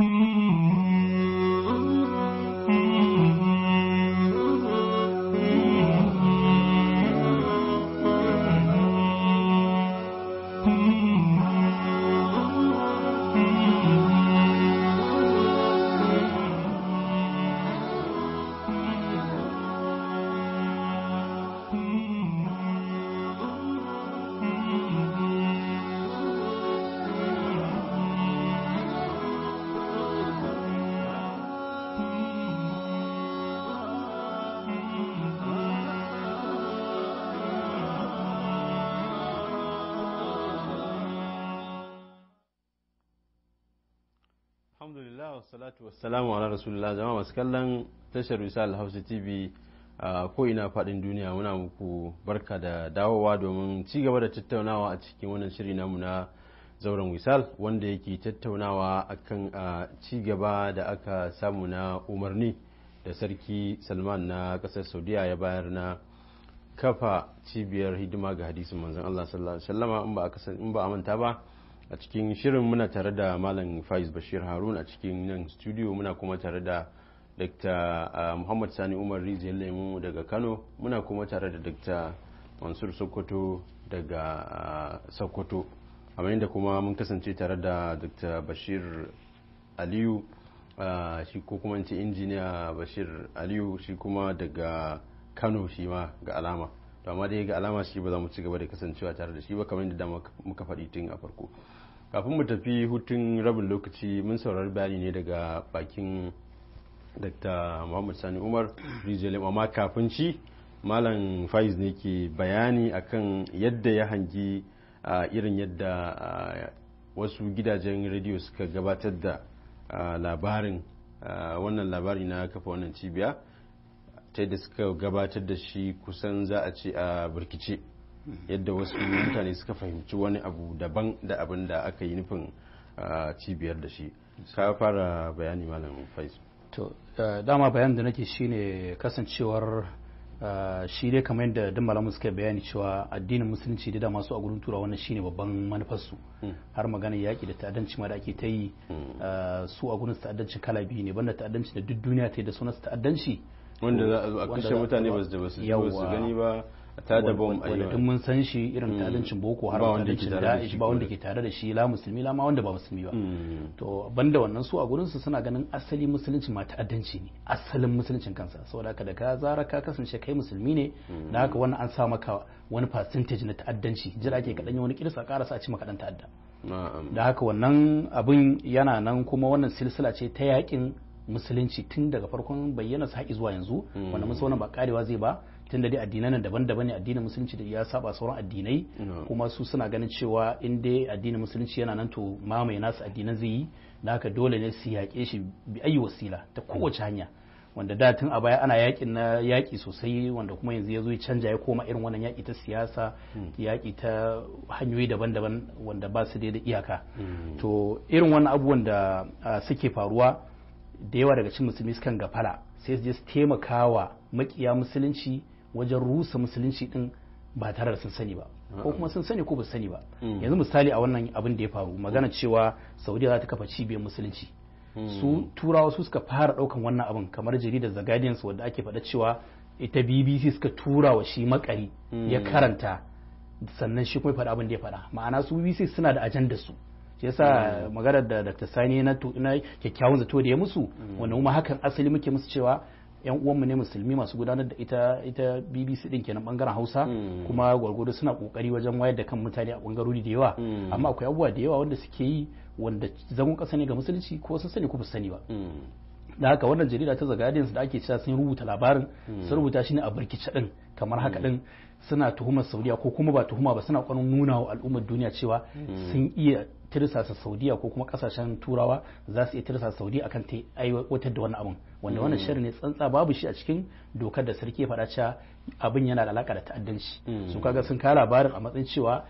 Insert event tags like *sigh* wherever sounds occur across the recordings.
Mm-hmm. *laughs* wassalatu wassalamu ala rasulullah jama'a masu kallon tashar wisal hausa tv a ko'ina faɗin duniya muna muku barka da dawowa domin ci gaba da tattaunawa a cikin wannan shiri namu na zauren wisal wanda yake tattaunawa akan a ci gaba da aka samu na umarni da sarki salman na kasar saudiya ya bayar na kafa cibiyar hidima ga hadisin manzon allah sallallahu alaihi in ba a manta ba a cikin shirin muna tare da malam faiz bashir harun a cikin nan studio muna kuma tare da dr muhammad sani umar rijiyar lemu daga kano muna kuma tare da dr mansur sokoto daga sokoto a da kuma mun kasance tare da dr bashir aliyu shi ko kuma ce injiniya bashir aliyu shi kuma daga kano shi ma ga alama to amma dai ga alama shi ba za mu ci gaba da kasancewa tare da shi ba kamar yadda muka faɗi tun a farko kafin mu tafi hutun rabin lokaci mun saurari bayani ne daga bakin dr muhammad sani umar rijalim amma kafin ci malam faiz ne ke bayani akan yadda ya hangi irin yadda wasu gidajen rediyo suka gabatar da labarin wannan labari na kafa wannan cibiya ta yadda suka gabatar da shi kusan za a ce a birkice yadda wasu mutane suka fahimci wani abu daban da abin da aka yi nufin cibiyar da shi ka fara bayani malam Faisal. to dama bayan da nake shine kasancewar shi dai kamar yadda duk malamu suka bayani cewa addinin musulunci da su a gurin turawa wannan shine babban manufarsu hmm. har magana yaƙi da ta'addanci ma da ake ta yi hmm. su a gurin ta'addanci kala biyu ne banda ta'addanci da duk duniya ta yi da sunan ta'addanci wanda za a zo a kashe mutane ba su gani ba ta da bom mun san shi irin mm. talincin boko har da da'ish ba wanda ke tare da shi la musulmi la ma wanda ba musulmi ba mm. to banda wannan su a gurin su suna ganin asali musulunci ma ta'addanci ne asalin musuluncin kansa saboda ka da ka zara ka kasance kai musulmi ne mm. da haka wannan an sa maka wani percentage na ta'addanci jira ake kadan wani kirsa karasa a ci maka dan ta'adda da haka wannan abin yana nan kuma wannan silsila ce ta yakin musulunci tun daga farkon bayyana su haƙi zuwa yanzu wannan musu ba karewa zai ba tunda dai addinai nan daban-daban ne addinin musulunci da ya saba sauran addinai kuma su suna ganin cewa in dai addinin musulunci yana nan to mamaye nasu addinan zai yi da haka dole ne su yaƙe shi bi ayi wasila ta kowace hanya wanda da tun a baya ana yaƙi na yaƙi sosai wanda kuma yanzu ya zo ya canja ya koma irin wannan yaƙi ta siyasa hmm. yaƙi ta hanyoyi daban-daban wanda ba su da iyaka hmm. to irin wannan abubuwan da suke faruwa da yawa daga cikin musulmi sukan gafala sai su je su taimakawa makiya musulunci wajen rusa musulunci din ba tare da sun sani ba ko kuma sun sani ko ba sani ba mm. yanzu misali a wannan abin da ya faru magana cewa saudiya za ta kafa cibiyar musulunci mm. su turawa su suka fara daukan wannan abin kamar jaridar the guardians wadda ake faɗa cewa ita bbc suka tura wa shi makari ya mm. karanta sannan shi kuma faɗa abin da ya faɗa ma'ana su bbc suna da ajanda su shi yasa magana da dr sani na kyakkyawan zato da ya musu wanda kuma hakan asali muke musu cewa yan uwan mu ne musulmi masu gudanar da ita ita BBC din kenan bangaren Hausa hmm. kuma gwargwado suna kokari wajen wayar da kan mutane a bangarori da yawa hmm. amma akwai abubuwa da yawa wanda suke yi wanda zangon kasa ne ga musulunci ko sun sani ko ba sani ba hmm. da haka wannan jarida ta The da ake cewa sun rubuta labarin sun rubuta shi ne a birkice din kamar haka din suna tuhumar Saudiya ko kuma ba tuhuma ba suna kwanan nuna wa al'ummar duniya cewa sun iya tirsasa saudiya ko kuma kasashen turawa za su iya tirsasa saudiya akan ta aiwatar da wani abun wanda hmm. wannan shirin ne tsantsa babu shi a cikin dokar da sarki ya faɗa cewa abin yana da alaka da ta'addanci hmm. su kaga sun kara labarin a matsayin cewa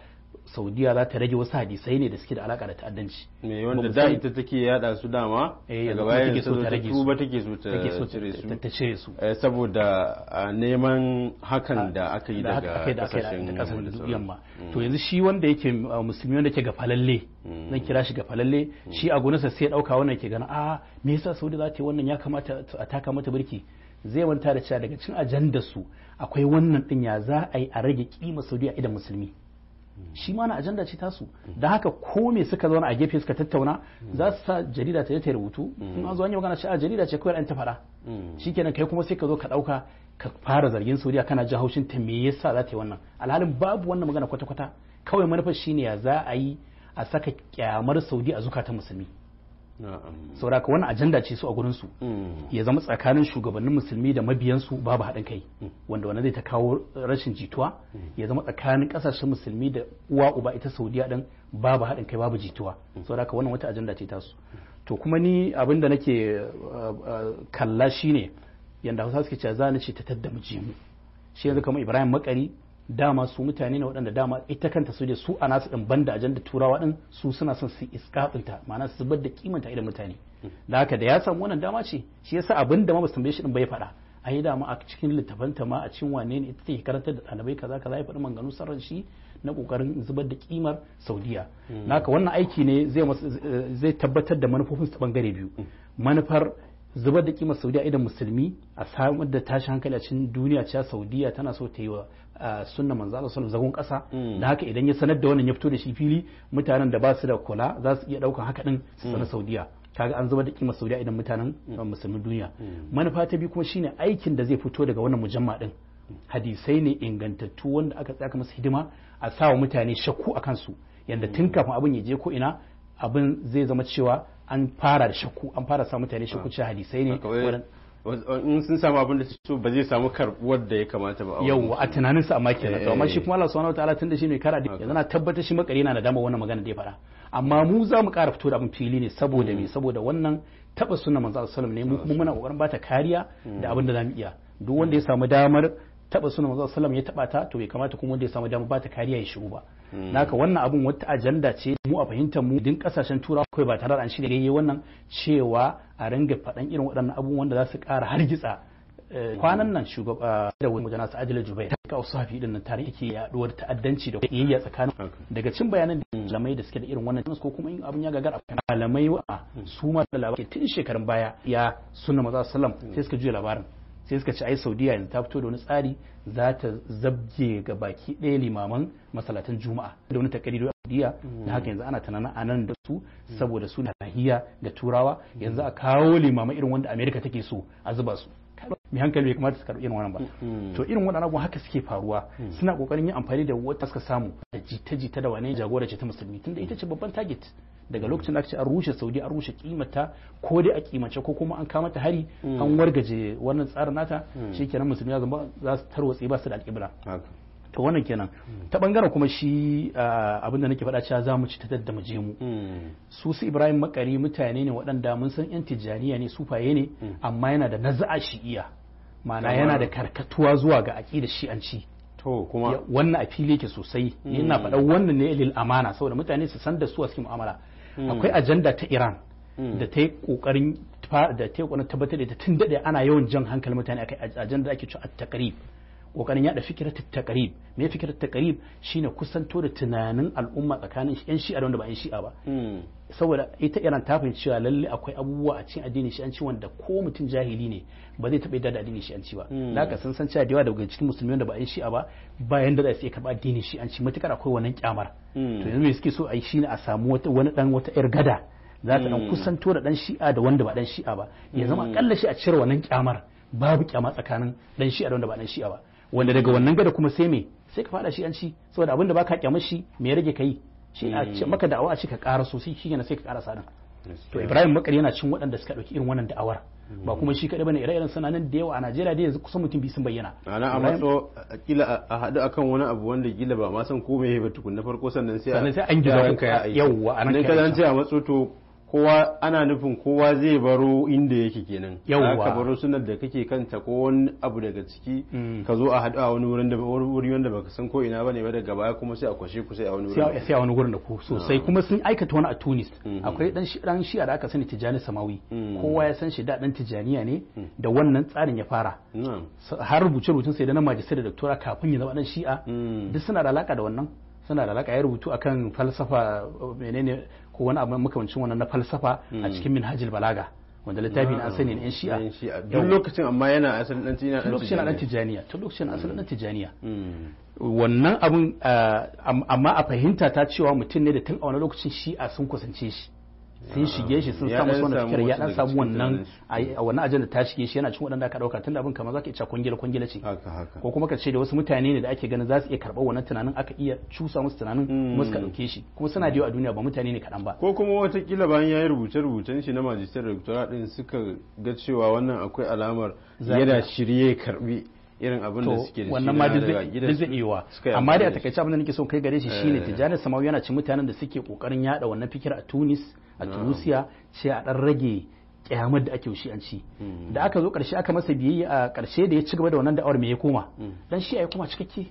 saudiya za ta rage wasu hadisai ne da suke da alaka da ta'addanci me wanda da ita take yada su dama eh, daga bayan su ta rage su ba take so ta cire su ta cire su eh, saboda ah, neman hakan da aka yi daga kasashen yamma mm. to yanzu shi wanda yake ah, musulmi wanda yake falalle mm. zan kira shi falalle mm. shi a gonarsa sai ya dauka wannan ke gana a ah, me yasa saudi za ta yi wannan ya kamata a taka mata birki zai manta da cewa daga cin ajandar su akwai wannan din ya za a yi a rage kima saudiya idan musulmi shi ma na ajanda ce tasu da haka ko me suka zauna a gefe suka tattauna za su sa jarida ta je ta rubutu in an zo an yi magana a jarida ce kawai an ta shi shikenan kai kuma sai ka zo ka ɗauka ka fara zargin Saudiya kana ji haushin ta me yasa za ta yi wannan alhalin babu wannan magana kwata-kwata kawai manufar shine ya za a yi a saka kyamar Saudi a zukatan musulmi saboda ka wani ajanda ce su a gurin su mm. ya zama tsakanin shugabannin musulmi da mabiyansu babu haɗin kai mm. wanda wannan zai ta kawo rashin jituwa mm. ya zama tsakanin ƙasashen musulmi da uwa uba ita saudiya din babu haɗin kai babu jituwa saboda wannan wata ajanda ce tasu to kuma ni abin da nake uh, uh, kalla shine yanda hausa suke cewa za ni ce ta tadda mu shi yanzu kamar ibrahim makari dama su mutane ne waɗanda dama ita kanta su su a nasu ɗin banda da turawa ɗin su suna son su iskaɓinta ma'ana su zubar da kimanta idan mutane da haka da ya samu wannan dama ce shi yasa abin da ma basu tambaye shi ɗin bai faɗa a yi dama a cikin ta ma a cikin wane ne ita take karantar da ɗalibai kaza kaza ya faɗi manganu sarran shi na ƙoƙarin zubar da kimar saudiya hmm. haka wannan aiki ne zai eh, tabbatar da manufofin su bangare biyu hmm. manufar zubar da kimar saudiya idan musulmi a samar da tashi hankali a cikin duniya cewa saudiya tana so ta yi wa sunna manzo Allah sallallahu zagon kasa mm. da haka idan ya sanar da wannan ya fito da shi fili mutanen da ba su da kula za su iya daukan haka din su sanar mm. saudiya kaga an zubar da kima saudiya idan mutanen mm. musulmin duniya manufa ta biyu kuma shine aikin da zai fito daga wannan mujamma din hadisai ne ingantattu wanda aka tsaka masa hidima a sawa mutane shakku akan su yanda tun kafin abin ya je ko ina abin zai zama cewa an fara da shakku an fara sa mutane shakku ah. cikin hadisai ne in sun samu abin da su ba zai samu karbuwar da ya kamata ba yau a tunanin su amma kenan to amma shi eh. kuma Allah subhanahu wataala tunda shi mai kara da yanzu na tabbatar shi makari yana da dama wannan magana da ya fara amma mu za mu ƙara fito da abin fili ne saboda me hmm. saboda wannan taba sunna manzo sallallahu alaihi wasallam ne mu kuma muna kokarin bata kariya hmm. da abin da zamu iya duk wanda ya samu damar taba suna manzo sallam ya taba ta to bai kamata kuma wanda ya samu dama ba ta kariya ya shigo ba hmm. naka wannan abun wata ajanda ce mu a fahimtar mu din kasashen turawa kai ba tare da an shirya yayi wannan cewa a ringa faɗan irin waɗannan abubuwan wanda za su ƙara hargitsa eh, kwanan nan shugaba da wani mujana su ajiyar jubai ta kawo safi din nan tare yake yaduwar ta'addanci da yayya tsakanin daga cin bayanan da malamai da suke da irin wannan ko kuma in abin ya gagar a malamai wa hmm. su ma da labarai tun shekarun baya ya sunna maza sallam sai suka juya labarin sai suka ci ai saudiya yanzu ta fito da wani tsari za ta zabge ga baki ɗaya limaman masalatan juma'a da wani takarido a saudiya da haka yanzu ana tunanin a nan da su saboda su na lahiya ga turawa yanzu a kawo limaman irin wanda amerika take so a zuba su mai hankali bai kamata su karɓi irin wannan ba mm-hmm. to irin wannan abubuwan haka suke faruwa mm-hmm. suna kokarin yin amfani da wata suka samu da jita-jita da wane jagora ce ta musulmi tunda ita ce babban target daga lokacin da aka an rushe saudi an rushe kimata ko dai a kimace ko kuma an kama ta hari mm. an wargaje wannan tsarin nata mm. shikenan musulmi za su tarwatse ba su da alƙibla to wannan kenan mm. ta bangaren kuma shi abinda nake faɗa cewa za mu ci ta da mu je mu su su ibrahim makari mutane ne waɗanda mun san yan tijjaniya ne sufaye ne amma yana da naza'a shi'iya ma'ana yana da karkatuwa zuwa ga an shi'anci to kuma wannan a fili yake sosai ni ina faɗa wannan ne lil amana saboda mutane su san da su a cikin mu'amala Hmm. akwai ajanda ta Iran hmm. da ta yi kokarin da ta yi tabbatar da tun dade ana yawan jan hankali mutane akai ajanda ake cewa at-taqrib kokarin yada fikirar taqrib me fikirar taqrib shine kusanto da tunanin al'umma tsakanin yan shi'a da ba yan shi'a ba hmm. saboda ita iran ta fahimci cewa lalle akwai abubuwa a cikin addinin ci wanda ko mutum jahili ne ba zai taɓa yadda da addinin shi'anci ba hmm. da haka sun san cewa da yawa daga cikin musulmi wanda ba a shi'a ba bayan da za su iya karɓa addinin ci matukar akwai wannan kyamar hmm. to yanzu me suke so a yi shine a samu wani dan wata yar gada za ta dan hmm. kusanto da dan shi'a da wanda ba dan shi'a ba ya zama akalla shi a cire wannan kyamar babu kyama tsakanin dan shi'a da wanda ba dan shi'a ba wanda daga wannan gada kuma sai me sai ka fada shi'anci saboda abinda baka kyamar shi me rage kai shi a ce hmm. maka da'awa a ce ka ƙara sosai shi yana sai ka ƙara sadan to Ibrahim Makari yana cin waɗanda suka ɗauki irin wannan da'awar hmm. ba kuma shi kaɗai bane ire-iren sananan da yawa a Najeriya da yanzu kusan mutum biyu sun bayyana ana a matso kila a haɗu akan wani abu wanda kila ba ma san ko meye ba tukun na farko sannan sai sannan sai an gida kanka yawwa anan ka a matso to kowa ana nufin kowa zai baro inda yake kenan yawwa ka baro sunan da kake kanta ko wani abu daga ciki mm. ka zo a hadu a wani wurin da wuri wanda baka san ko ina bane ba daga baya kuma sai a kwashe ku sai a wani wurin sai a wani wurin da ku sosai ah. kuma sun aikata wani a Tunis mm-hmm. akwai dan dan shi'a da aka sani Tijani Samawi mm. kowa ya san shi da dan Tijaniya ne mm. da wannan tsarin ya fara har rubuce rubutun sai da na majistar da doktora kafin ya zama dan shi'a duk suna da alaka da wannan suna da alaka ya rubutu akan falsafa menene ko wani abu makamancin wannan na falsafa a hmm. cikin minhajil balaga wanda littafi na an sani na yan shi'a duk lokacin amma yana asalin dan tijaniya lokacin dan tijaniya tun lokacin asalin dan hmm. tijaniya hmm. wannan abun eh, amma a fahimta ta cewa mutum ne da tun a wani lokacin shi'a sun kusance shi sun shige shi sun samu su fikir ya dan samu wannan wannan ajanda ta shige shi yana cikin waɗanda aka dauka tunda abin kamar zaka iya kwangila kwangila ce ko kuma ka ce da wasu mutane ne da ake ganin za su iya karbar wannan tunanin aka iya cusa musu tunanin hmm. kuma suka dauke shi kuma suna da yawa a duniya ba mutane ne kaɗan ba ko kuma kila bayan ya yi rubuce-rubucen shi na majistar da din suka ga cewa wannan akwai alamar yana shirye karbi irin abin da suke da wannan ma duk zai amma dai a takaice abin da nake so kai gare shi eh. shine tijani samawi yana ci mutanen da suke kokarin yada wannan fikir a Tunis a Tunisia ce a dan rage kyamar da ake shi an ci hmm. da aka zo karshe aka masa biyayya a karshe da ya ci gaba da wannan da'awar me ya koma hmm. dan shi ya koma cikakke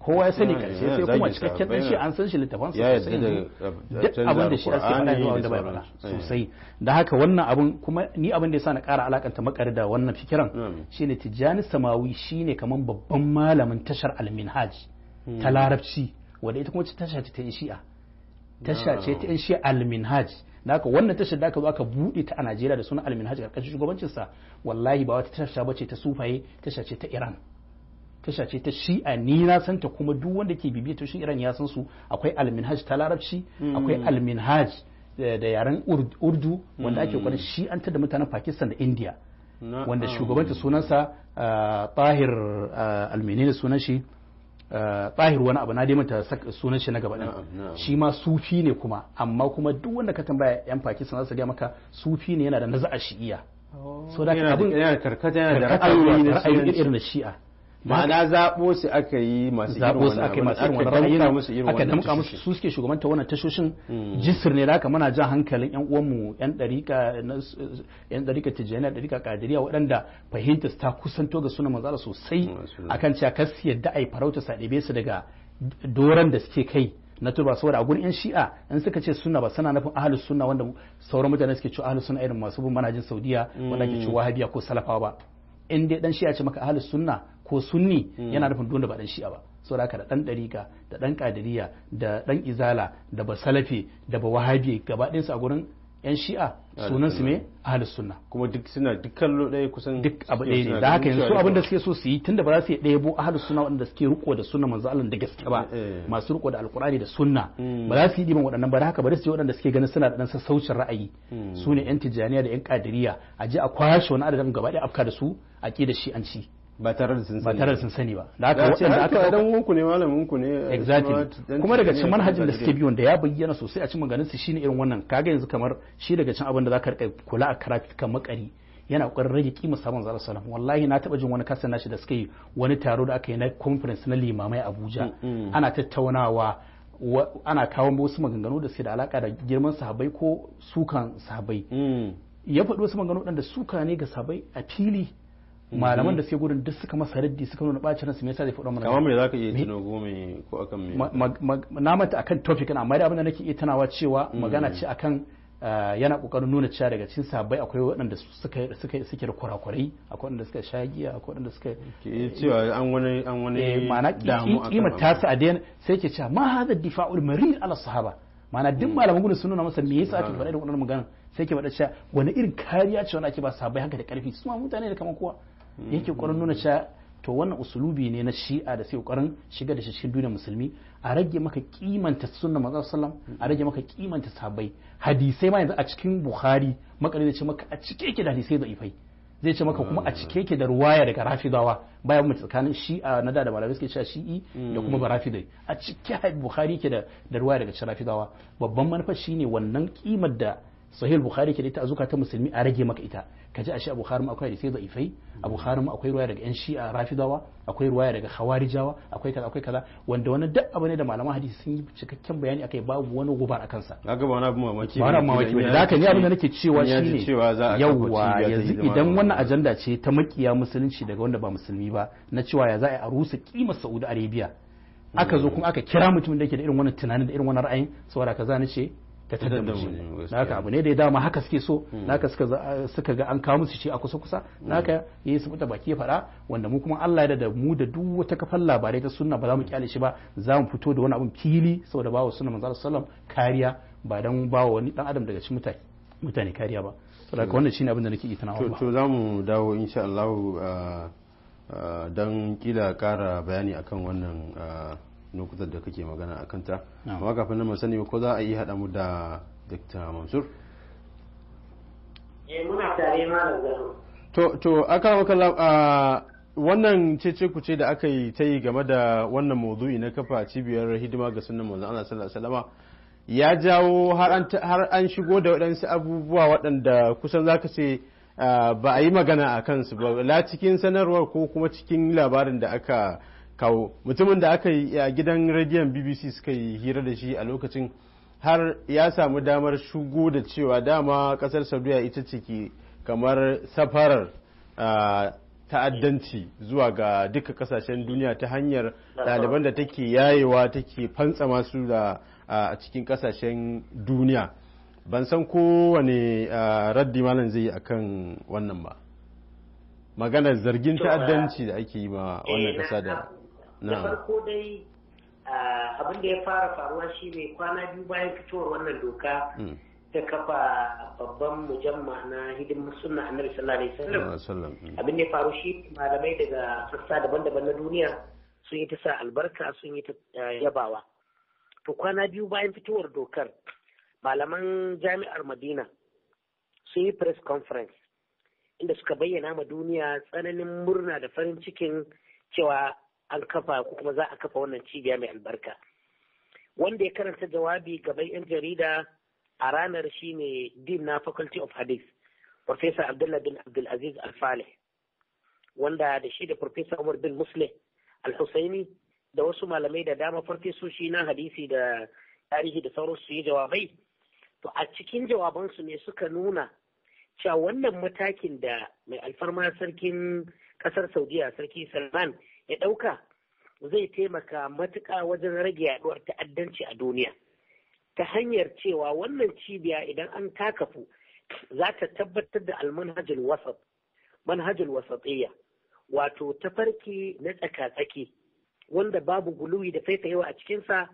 kowa ya sani karshe sai kuma cikakken dan shi an san shi littafan sa sosai duk abin da shi a sai faɗa wanda bai faɗa sosai da haka wannan abin kuma ni abin da yasa na ƙara alakanta makari da wannan fikiran shine Tijani Samawi shine kaman babban malamin tashar Al-Minhaj ta hmm. Larabci wanda ita kuma tasha ce ta Shi'a tasha ce ta ah. Shi'a Al-Minhaj da haka wannan tashar da aka zo aka buɗe ta a Najeriya da sunan Al-Minhaj karkashin shugabancin sa wallahi ba wata tasha bace ta sufaye tasha ce ta Iran tasha ce ta shi'a ni na santa kuma duk wanda ke bibiya ta iran ya san su akwai alminhaj ta larabci hmm. akwai alminhaj eh, da yaren urdu wanda ake kwanan hmm. shi'anta da mutanen pakistan da india wanda shugabanta sunansa eh, tahir eh, almini da sunan shi tahir wani abu na dai mata sunan shi na gaba shi ma sufi ne kuma amma kuma duk wanda ka tambaya yan pakistan za su gaya maka sufi ne yana da naza'a shi'iya oh. so da karkata yana da ra'ayoyi irin da shi'a ma'ana zaɓo su aka yi masu zaɓo su aka yi masu irin ra'ayi aka damka su suke ta wannan tashoshin hmm. jisir ne haka muna jan hankalin yan uwanmu yan ɗarika yan ɗarika tijjaniya ɗarika kadiriya waɗanda fahimta ta kusanto ga sunan manzala sosai akan cewa kar su yadda ai farauta sa ɗebe su daga doron da suke kai na turba saboda a gurin yan shi'a in suka ce sunna ba suna nufin ahal sunna wanda sauran mutane suke cewa ahlus sunna irin masu bin manajin saudiya wanda ke cewa wahabiya ko salafawa ba in dai dan shi'a ce maka ahlus sunna ko sunni hmm. yana nufin dole ba dan shi'a ba saboda haka da dan dariƙa da dan kadiriya da dan izala da basalafi da wahabi gaba ɗayan su a gurin yan shi'a sunan su ne ahlus sunna kuma duk suna duk kallo daya kusan duk abu ɗaya ne da haka yanzu abin da suke so su yi tunda ba za su yi ɗaya bo ahlus sunna wanda suke riko da sunna manzo Allah da gaske ba eh, eh. masu riko da alqur'ani da sunna hmm. ba za su yi diban waɗannan ba da haka ba su yi waɗanda suke ganin suna da dan sassaucin ra'ayi hmm. su ne yan tijaniya da yan kadiriya a je a kwashe wani adadin gaba ɗaya afka da su a da shi'anci ba tare da sun sani ba da aka sani da haka waɗanda aka dan wanku ne malamin ku ne exactly kuma daga cikin manhajin da suke bi wanda ya bayyana sosai a cikin maganin su shine irin wannan kaga yanzu kamar shi daga cikin abin da zaka rika kula a karatukan makari yana kokarin rage kima sabon zalal salam wallahi na taba jin wani kasan nashi da suka yi wani taro da aka yi na conference na limamai Abuja mm, mm. ana tattaunawa ana kawo wasu maganganu da suke da alaka da girman sahabbai ko sukan sahabbai mm. ya faɗi wasu maganganu da suka ne ga sahabbai a fili malaman mhm. da suke gudun duk suka masa raddi suka nuna bacin ransu me yasa zai faɗa mana kamar me zaka iya tuno gome ko akan me na mata akan topic amma da abin da nake iya tunawa cewa mhm. magana ce akan ah, yana kokarin nuna cewa daga cikin sabai akwai waɗanda suka suka suke da kurakurai akwai waɗanda suka shagiya akwai waɗanda suka ke cewa an wani an wani eh, ma'ana kima tasa a dayan sai ke cewa ma hadha difa'ul marir ala sahaba ma'ana duk hmm. malaman gudun sun nuna masa me yasa ake faɗa da wannan magana sai ke faɗa cewa wani irin kariya ce wani ake ba sabai haka da ƙarfi su ma mutane da kamar kowa Mm-hmm. yake ƙoƙarin nuna cewa to wannan usulubi ne na shi'a da sai ƙoƙarin shiga da shi cikin duniyar musulmi a rage maka kimanta sunna manzo sallam a rage maka kimanta sahabbai hadisai ma yanzu a cikin bukhari makare zai ce maka a cike yake da hadisai da'ifai zai ce maka kuma a cike yake da ruwaya daga rafidawa bayan mu tsakanin shi'a na da da malamai suke cewa shi'i da kuma mm-hmm. rafidai a cike bukhari yake da ruwaya daga rafidawa babban manufa shine wannan kimar da sahih bukhari ke da ita azuka ta musulmi a rage maka ita ka ji a shi akwai da da'ifai a bukhari ma akwai ruwaya daga yan shi'a rafidawa akwai ruwaya daga khawarijawa akwai kaza akwai kaza wanda wani duk abu ne da malaman hadisi sun yi cikakken bayani akai babu wani gubar a kansa kaga ba wani abu mamaki ba wani mamaki ba da ni abin da nake cewa shine yawwa yanzu idan wannan ajanda ce ta makiya musulunci daga wanda ba musulmi ba na cewa ya za a rusa kimar Saudi Arabia aka zo hmm. kuma aka kira mutumin da yake da irin wannan tunanin da irin wannan ra'ayin saboda kaza na ce ta da naka abu ne da ya dama haka suke so hmm. naka suka ga an kawo musu shi a kusa kusa hmm. naka yayi su fita baki fada wanda mu kuma Allah ya da mu da duk wata kafan labarai ta sunna ba za mu kyale shi ba za mu fito da wani abin fili saboda bawa sunna manzo sallam kariya ba dan bawa wani dan adam daga cikin mutane kariya ba saboda wannan shine abin da nake tana wa to za mu dawo insha Allah ah, ah, dan kila kara bayani akan wannan ah, lokutan da kake magana a kanta amma kafin nan sani ko za a yi haɗa mu da dr mansur eh, muna tare ma da to to aka maka wannan cece kuce da aka yi ta yi game da wannan maudu'i na kafa cibiyar hidima ga sunan manzon Allah sallallahu alaihi ya jawo har an shigo da waɗansu abubuwa waɗanda kusan zaka ce ba a yi magana a kansu ba la cikin sanarwar ko kuma cikin labarin da aka kawo mutumin da aka yi a gidan rediyon bbc suka yi hira da shi a lokacin har ya samu damar shugo da cewa dama kasar saudiya ita ce ke kamar safarar ta'addanci zuwa ga duka kasashen duniya ta hanyar ɗaliban da take yayewa take fantsa masu da a cikin kasashen duniya ban san kowane raddi malam zai yi akan wannan ba maganar zargin ta'addanci eh, da ake yi ma wannan kasa eh, da na farko dai abin da ya fara faruwa shi ne kwana biyu bayan fitowar wannan doka hmm. ta kafa babban mujamma na hidimar suna annabi sallallahu hmm. abin da ya faru shi malamai daga sassa daban-daban na duniya sun yi ta sa albarka sun yi ta yabawa to kwana biyu bayan fitowar dokar malaman jami'ar madina sun yi press conference inda suka bayyana ma duniya tsananin murna da farin cikin cewa an kafa ko kuma za a kafa wannan cibiya mai albarka wanda ya karanta jawabi gaban 'yan jarida a ranar shine dean na faculty of hadith professor Abdullah bin Abdulaziz al wanda da shi da professor Umar bin Musleh Al-Husaini da wasu malamai da dama shi na hadisi da tarihi da sauransu su yi jawabai to a cikin jawabansu ne suka nuna cewa wannan matakin da mai alfarma sarkin kasar Saudiya sarki Salman ya ɗauka zai taimaka matuƙa wajen rage yaɗuwar ta'addanci a duniya ta hanyar cewa wannan cibiya idan an takafu za ta tabbatar da almanhajul wasat manhajul wasatiyya wato tafarki na tsaka-tsaki wanda babu guluwi da faifayewa a cikinsa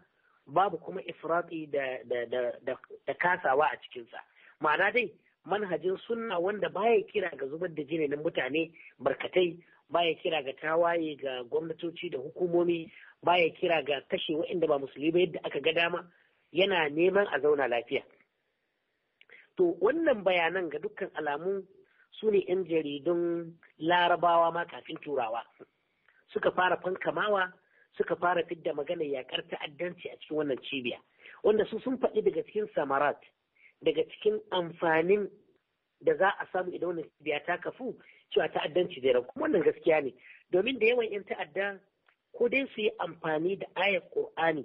babu kuma ifrati da kasawa a cikinsa ma'ana dai manhajin sunna wanda baya kira ga zubar da jini mutane barkatai baya kira ga tawaye ga gwamnatoci da hukumomi baya kira ga kashe waɗanda ba musulmi ba yadda aka ga dama yana neman a zauna lafiya to wannan bayanan ga dukkan alamu su ne 'yan jaridun larabawa ma kafin turawa suka fara fankamawa suka fara fidda magana yakar ta'addanci a cikin wannan cibiya wanda su sun faɗi daga cikin samarat daga cikin amfanin da za a samu idan wannan cibiya ta kafu cewa ta'addanci zai ragu wannan gaskiya ne domin da yawan 'yan ta'adda ko dai su yi amfani da ayar ƙur'ani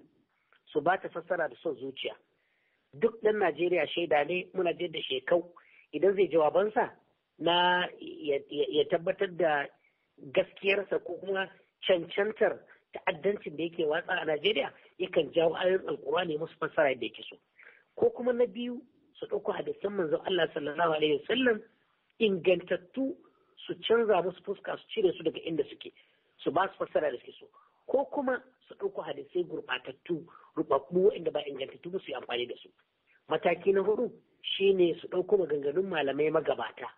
su ba ta fassara da son zuciya duk ɗan najeriya shaida ne muna da shekau idan zai jawabansa na ya tabbatar da gaskiyarsa ko kuma cancantar ta'addancin da yake watsa a najeriya yakan jawo ayar alƙur'ani musu fassara da yake so ko kuma na biyu su ɗauko hadisan manzon allah sallallahu alaihi wasallam ingantattu su canza musu fuska su cire su daga inda suke su ba su fassara da suke so ko kuma su ɗauko hadisai gurɓatattu rubabbu waɗanda ba ingantattu ba su yi amfani da su mataki na hudu shine su ɗauko maganganun malamai magabata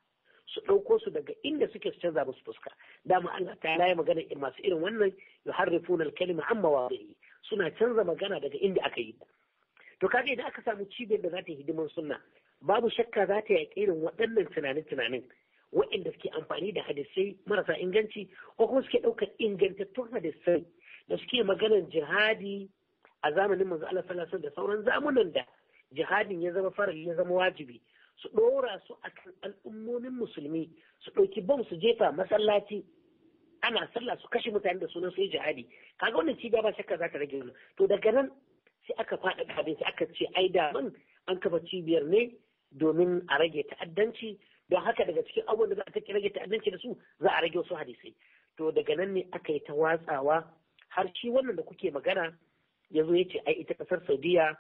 su ɗauko su daga inda suke su canza musu fuska dama Allah ta ya magana masu irin wannan yuharrifuna al-kalima amma wadihi suna canza magana daga inda aka yi to kaga idan aka samu cibiyar da za ta yi hidiman sunna babu shakka za ta yaƙi irin waɗannan tunanin tunanin waɗanda suke amfani da hadisai marasa inganci ko kuma suke ɗaukar ingantattun hadisai da suke maganar jihadi a zamanin manzo Allah sallallahu da sauran zamunan da jihadin ya zama farar ya zama wajibi su ɗora su akan al'ummomin musulmi su ɗauki bom su jefa masallaci ana sallah su kashe mutane da sunan sai jihadi kaga wannan ci ba shakka za ta rage wannan to daga nan sai aka faɗa abin sai aka ce ai da man an kafa cibiyar ne domin a rage ta'addanci don haka daga cikin abubuwan da za a rage ta'addanci da su za a rage wasu hadisai to daga nan ne aka yi ta watsawa har shi wannan da kuke magana ya zo ya ce ai ita kasar saudiya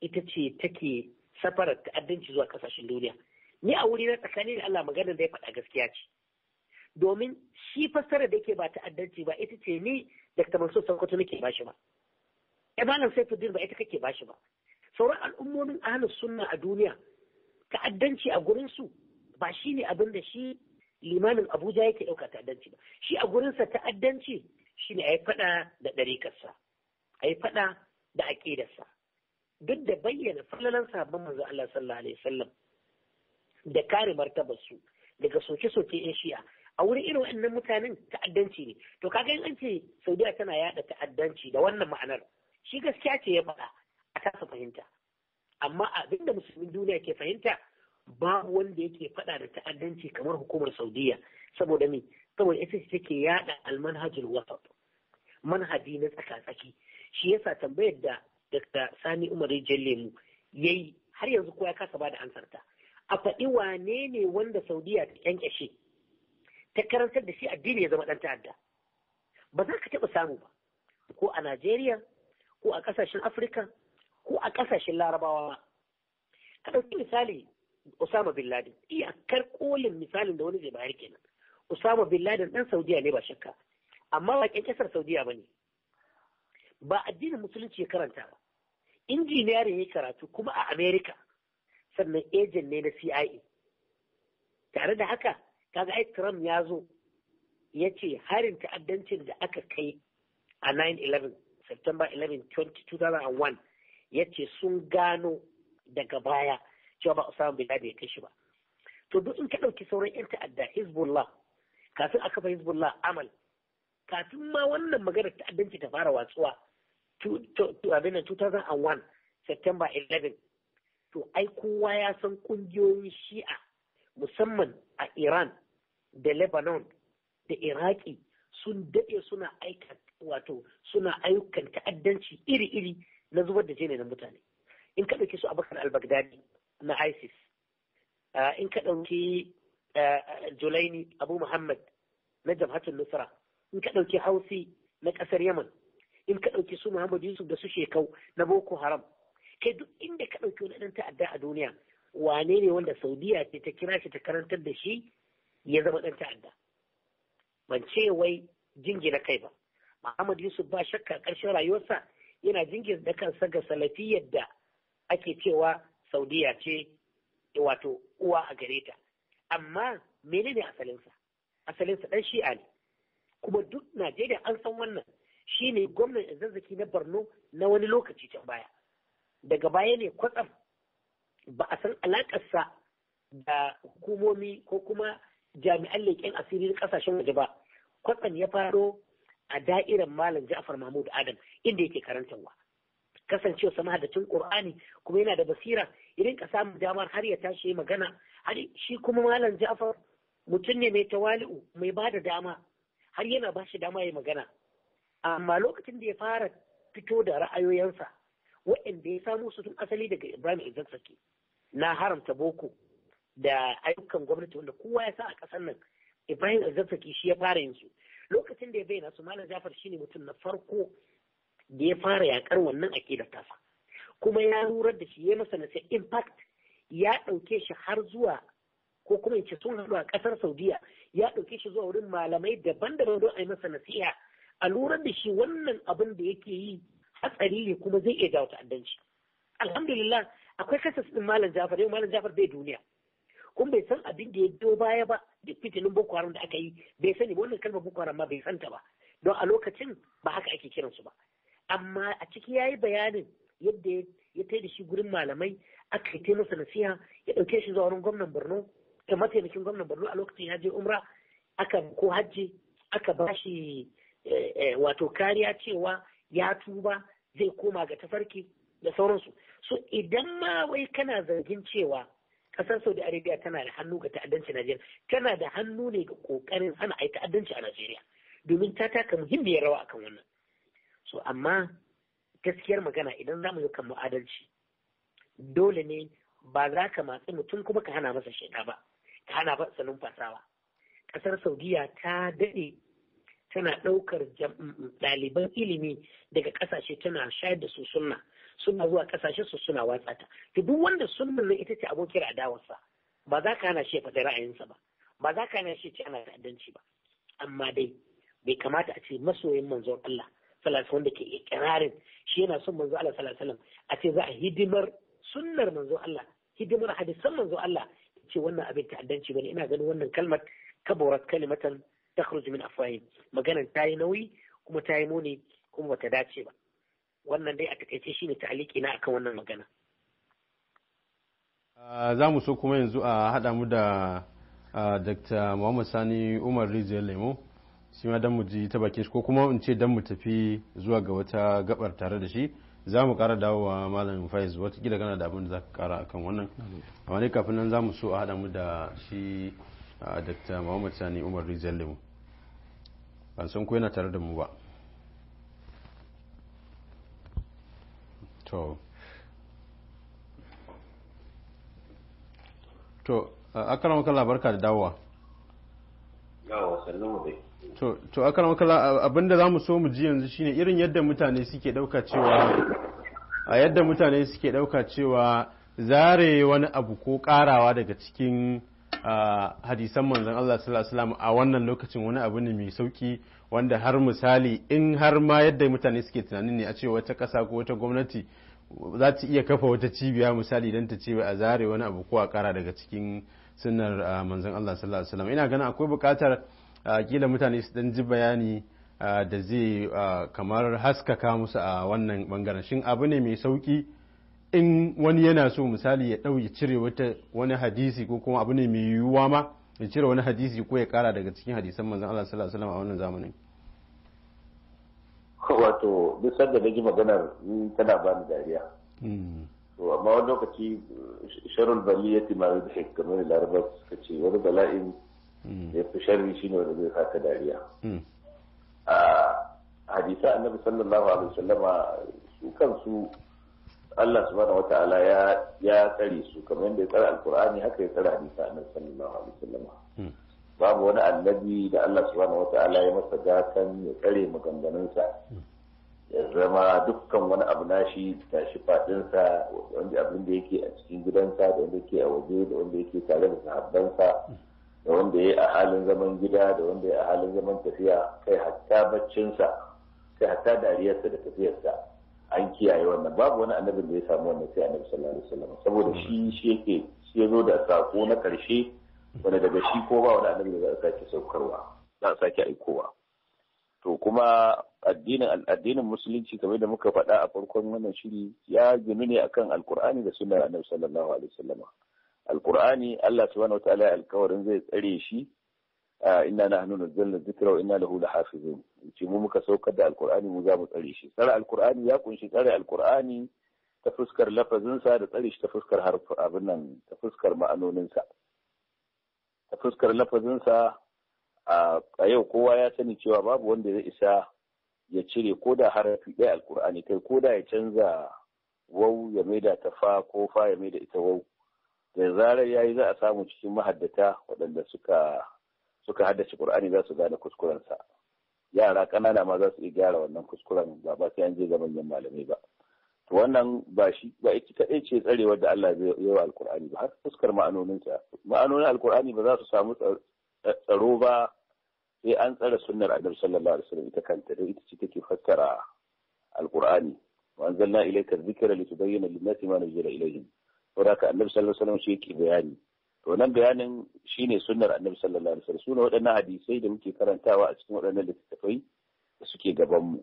ita ce take safarar ta'addanci zuwa kasashen duniya ni a wuri na tsakani da Allah magana da ya faɗa gaskiya ce domin shi fassara da yake ba ta'addanci ba ita ce ni Dr. Mansur Sokoto nake bashi ba Ibrahim eh, Saifuddin ba ita kake bashi ba sauran al'ummomin ahlus sunna a duniya ta'addanci a gurin su ba shi ne abin da shi limamin abuja yake ɗauka ta'addanci ba shi a gurinsa ta'addanci shi ne a yi faɗa da ɗarikarsa a yi faɗa da aƙidarsa duk da bayyana falalan sabon manzo Allah sallallahu alaihi wasallam da kare martabarsu daga soke-soke in shi'a a wurin irin wannan mutanen ta'addanci ne to kaga in an ce Saudiya tana yaɗa ta'addanci da wannan ma'anar shi gaskiya ce ya faɗa a kasa fahimta amma abinda musulmin duniya ke fahimta babu wanda yake faɗa da ta'addanci kamar hukumar saudiya saboda me saboda ita ce take yada almanhajul wasat manhaji na tsaka-tsaki shi yasa tambayar da Dr. Sani Umar Jallemu yayi har yanzu kowa ya kasa bada ansarta a faɗi wane ne wanda Saudiya ta kyankyashe ta karantar da shi addini ya zama ɗan ta'adda ba za ka taɓa samu ba ko a Najeriya ko a ƙasashen Afirka ko a ƙasashen Larabawa ka ɗauki misali Osama bin Laden iyakar kolin misalin da wani zai bayar kenan Osama bin Laden dan Saudiya ne ba shakka amma ba ƙyan ƙasar Saudiya ba ne ba addinin musulunci ya karanta ba injiniyarin ya karatu kuma a Amerika sannan ejen ne na CIA tare da haka kaga ai Trump ya zo ya ce harin ta'addancin da aka kai a 9-11 September 11 2001 ya ce sun gano daga baya cewa ba Osama bin Laden ya kai shi ba to duk in ka ɗauki sauran 'yan ta'adda Hezbollah kafin a kafa Hezbollah amal kafin ma wannan magana ta'addanci ta fara watsuwa abin 2001 September 11 to ai kowa ya san kungiyoyin shi'a musamman a Iran da Lebanon da Iraki sun daɗe suna aika wato suna ayyukan ta'addanci iri-iri na zubar da jini na mutane in ka ɗauki su bakar al-Baghdadi na ISIS uh, in ka ɗauki uh, Julaini Abu Muhammad na Jamhatul Nusra in ka ɗauki Hausi na ƙasar Yaman in ka ɗauki su Muhammad Yusuf da su Shekau na Boko Haram kai duk inda ka ɗauki wani ɗan ta'adda a duniya wane ne wanda Saudiya ce ta kira shi ta karantar da shi ya zama ɗan ta'adda ban ce wai jingina kai ba Muhammad Yusuf ba shakka ƙarshen rayuwarsa yana jingina da kansa ga salafiyar da ake cewa saudiya ce wato uwa a gare ta amma menene asalinsa asalinsa ɗan shi'a ne kuma duk najeriya an san wannan shi ne gwamnan zazzaki na borno na wani lokaci can baya daga baya ne kwatsam ba a san alakarsa da hukumomi ko kuma jami'an leƙen asiri na ƙasashen waje ba kwatsam ya faro a da'irar malam ja'far mahmud adam inda yake karantarwa kasancewa sama da cin ƙur'ani kuma yana da basira ya ka samun damar har ya tashi magana har shi kuma malam Ja'far mutum ne mai tawali'u mai ba da dama har yana ba shi dama ya magana amma lokacin da ya fara fito da ra'ayoyinsa waɗanda ya samu su tun asali daga Ibrahim Izaksaki na haramta boko da ayyukan gwamnati wanda kowa ya sa a ƙasar nan Ibrahim Izaksaki shi ya fara yin su lokacin da ya bayyana su Malam Ja'far shine mutum na farko da ya fara yakar wannan akidar tasa kuma ya lura da shi ya masa nasiya. IMPACT ya ɗauke shi har zuwa ko kuma in sun haɗu a ƙasar saudiya ya ɗauke shi zuwa wurin malamai daban-daban don a yi masa nasiha a lura da shi wannan abin da yake yi hatsari ne kuma zai iya jawo ta'addanci alhamdulillah akwai kasas ɗin malam jafar yau malam jafar bai duniya kuma bai san abin da ya biyo baya ba duk fitinin boko haram da aka yi bai sani wannan kalmar boko haram ma bai santa ba don a lokacin ba haka ake kiransu ba amma a ciki ya yi bayanin yadda ya tai da shi gurin malamai aka yi masa nasiha ya ɗauke shi zuwa wurin gwamnan borno da mataimakin gwamnan borno a lokacin ya je umra aka ko hajji aka ba shi eh, eh, wato kariya cewa ya tuba zai koma ga tafarki da sauransu so idan ma wai kana zargin cewa kasar saudi arabia tana da hannu ga ta'addanci najeriya tana da hannu ne ga kokarin hana ai ta'addanci a najeriya domin ta taka muhimmiyar rawa akan wannan so amma gaskiyar magana idan za mu yi kan mu'adalci dole ne ba za ka matsi mutum kuma ka hana masa shiga ba ka hana masa numfasawa ƙasar saudiya ta daɗe tana ɗaukar ɗaliban ilimi daga ƙasashe tana shayar da su sunna suna zuwa ƙasashe su suna watsa ta duk wanda sunnan nan ita ce abokin adawarsa ba za ka hana shi ya faɗi ra'ayinsa ba ba za ka hana shi ce ana ta'addanci ba amma dai bai kamata a ce masoyin manzon Allah sallallahu wanda ke ikirarin shi yana son manzo Allah sallallahu alaihi a ce za a hidimar sunnar manzo Allah hidimar hadisan manzo Allah ce wannan abin ta'addanci bane ina ganin wannan kalmar kaburat kalimatan takhruju min afwahihim maganar ta yi nauyi kuma ta yi muni kuma bata dace ba wannan dai a takaice shine ta'aliki na akan wannan magana ah, za mu so kuma yanzu a haɗa mu da ah, dr muhammad sani umar rijiyar lemo shi ma mu ji ta bakin shi ko kuma in ce dan mu tafi zuwa ga wata gabar tare da shi za mu kara dawowa malam faiz gida gana da abin da za ka kara akan wannan amma ne kafin nan za mu so a haɗa mu da shi dakta muhammad sani umar rizal lemu ban san ko yana tare da mu ba to to a karamar labarka da dawowa yawa sannan mu dai to a akan makala abinda zamu so mu ji yanzu shine irin yadda mutane suke dauka cewa a yadda mutane suke dauka cewa zare wani abu ko karawa daga cikin hadisan manzon Allah sallallahu alaihi wasallam a wannan lokacin wani abu ne mai sauki wanda har misali in har ma yadda mutane suke tunanin ne a ce wata ƙasa ko wata gwamnati za ta iya kafa wata cibiya misali don ta ce a zare wani abu ko a kara daga cikin sunnar manzon Allah sallallahu alaihi wasallam ina ganin akwai buƙatar kila mutane su dan ji bayani da zai kamar haskaka musu a wannan bangaren shin abu ne mai sauki in wani yana so misali ya ɗau ya cire wani hadisi ko kuma abu ne mai yiwuwa ma ya cire wani hadisi ko ya kara daga cikin hadisan manzon Allah sallallahu alaihi a wannan zamanin wato duk da ji maganar tana ba ni dariya hmm. to amma wani lokaci sharul baliyati ma yudhik kamar larabar suka ce wani bala'in ya fi sharri shi ne wanda zai saka dariya hmm. a hadisa annabi sallallahu alaihi wasallama su kansu Allah subhanahu wata'ala ya ya tsare su kamar yadda ya tsare alkur'ani haka ya tsare hadisa annabi sallallahu alaihi wasallam hmm. babu wani annabi da Allah subhanahu wata'ala ya masa gatan ya tsare maganganunsa hmm. ya zama dukkan wani abu nashi tashi fadinsa wanda abin da yake a cikin gidansa da wanda yake a waje da wanda yake tare da sahabbansa da wanda ya yi a halin zaman gida da wanda ya yi a halin zaman tafiya kai hatta baccinsa kai hatta dariyarsa da tafiyarsa an kiyaye wannan babu wani annabin da ya samu wannan sai annabi sallallahu alaihi wasallam saboda shi shi yake shi ya zo da sako na karshe wanda daga shi ko ba wani annabi da za a sake saukarwa za a sake aikowa to kuma addinin addinin musulunci kamar da muka faɗa a farkon wannan shiri ya ginu ne akan alkur'ani da sunnar annabi sallallahu alaihi wasallam alkur'ani Allah subhanahu wataala alkawarin zai tsare shi inna nahnu nazzalna dhikra wa inna lahu lahafizun ce mu muka saukar da alkur'ani mu za mu tsare shi tsare alkur'ani ya kunshi tsare alkur'ani ta fuskar lafazinsa da tsare shi ta fuskar harfin abin nan ta fuskar ma'anoninsa ta fuskar lafazinsa a yau kowa ya sani cewa babu wanda zai isa ya cire ko da harafi ɗaya alkur'ani kai ko da ya canza wau ya maida ta fa ko fa ya maida ita wau da zarar yayi za a samu cikin mahaddata waɗanda suka suka haddace Qur'ani za su gane kuskurensa yara ƙanana ma za su iya gyara wannan kuskuren ba ba sai an je ga manyan malamai ba to wannan ba shi ba ita ce tsarewar da Allah zai yi wa alkur'ani ba har fuskar ma'anoninsa ma'anonin alkur'ani ba za su samu tsaro ba sai an tsara sunnar annabi sallallahu alaihi wasallam ita kanta da ita ce take fassara alƙurani wa anzalna ilayka dhikra litubayyana lin-nasi ma nuzila ilayhim saboda haka annabi sallallahu alaihi wasallam shi yake bayani to nan bayanin shine sunnar annabi sallallahu alaihi wasallam sunan waɗannan hadisai da muke karantawa a cikin waɗannan littattafai da suke gaban mu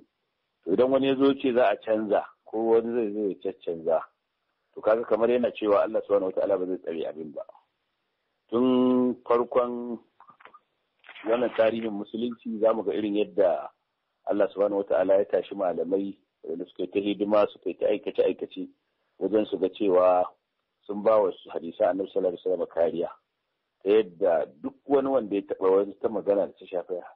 to idan wani ya zo ce za a canza ko wani zai zo ya canza to kaga kamar yana cewa Allah subhanahu wataala ba zai tsare abin ba tun farkon wannan tarihin musulunci zamu ga irin yadda Allah subhanahu wataala ya tashi malamai da suka yi ta hidima suka yi ta aikace aikace wajen su ga cewa sun ba wa hadisa annabi sallallahu alaihi kariya ta yadda duk wani wanda ya taɓa wani ta magana da ta shafi da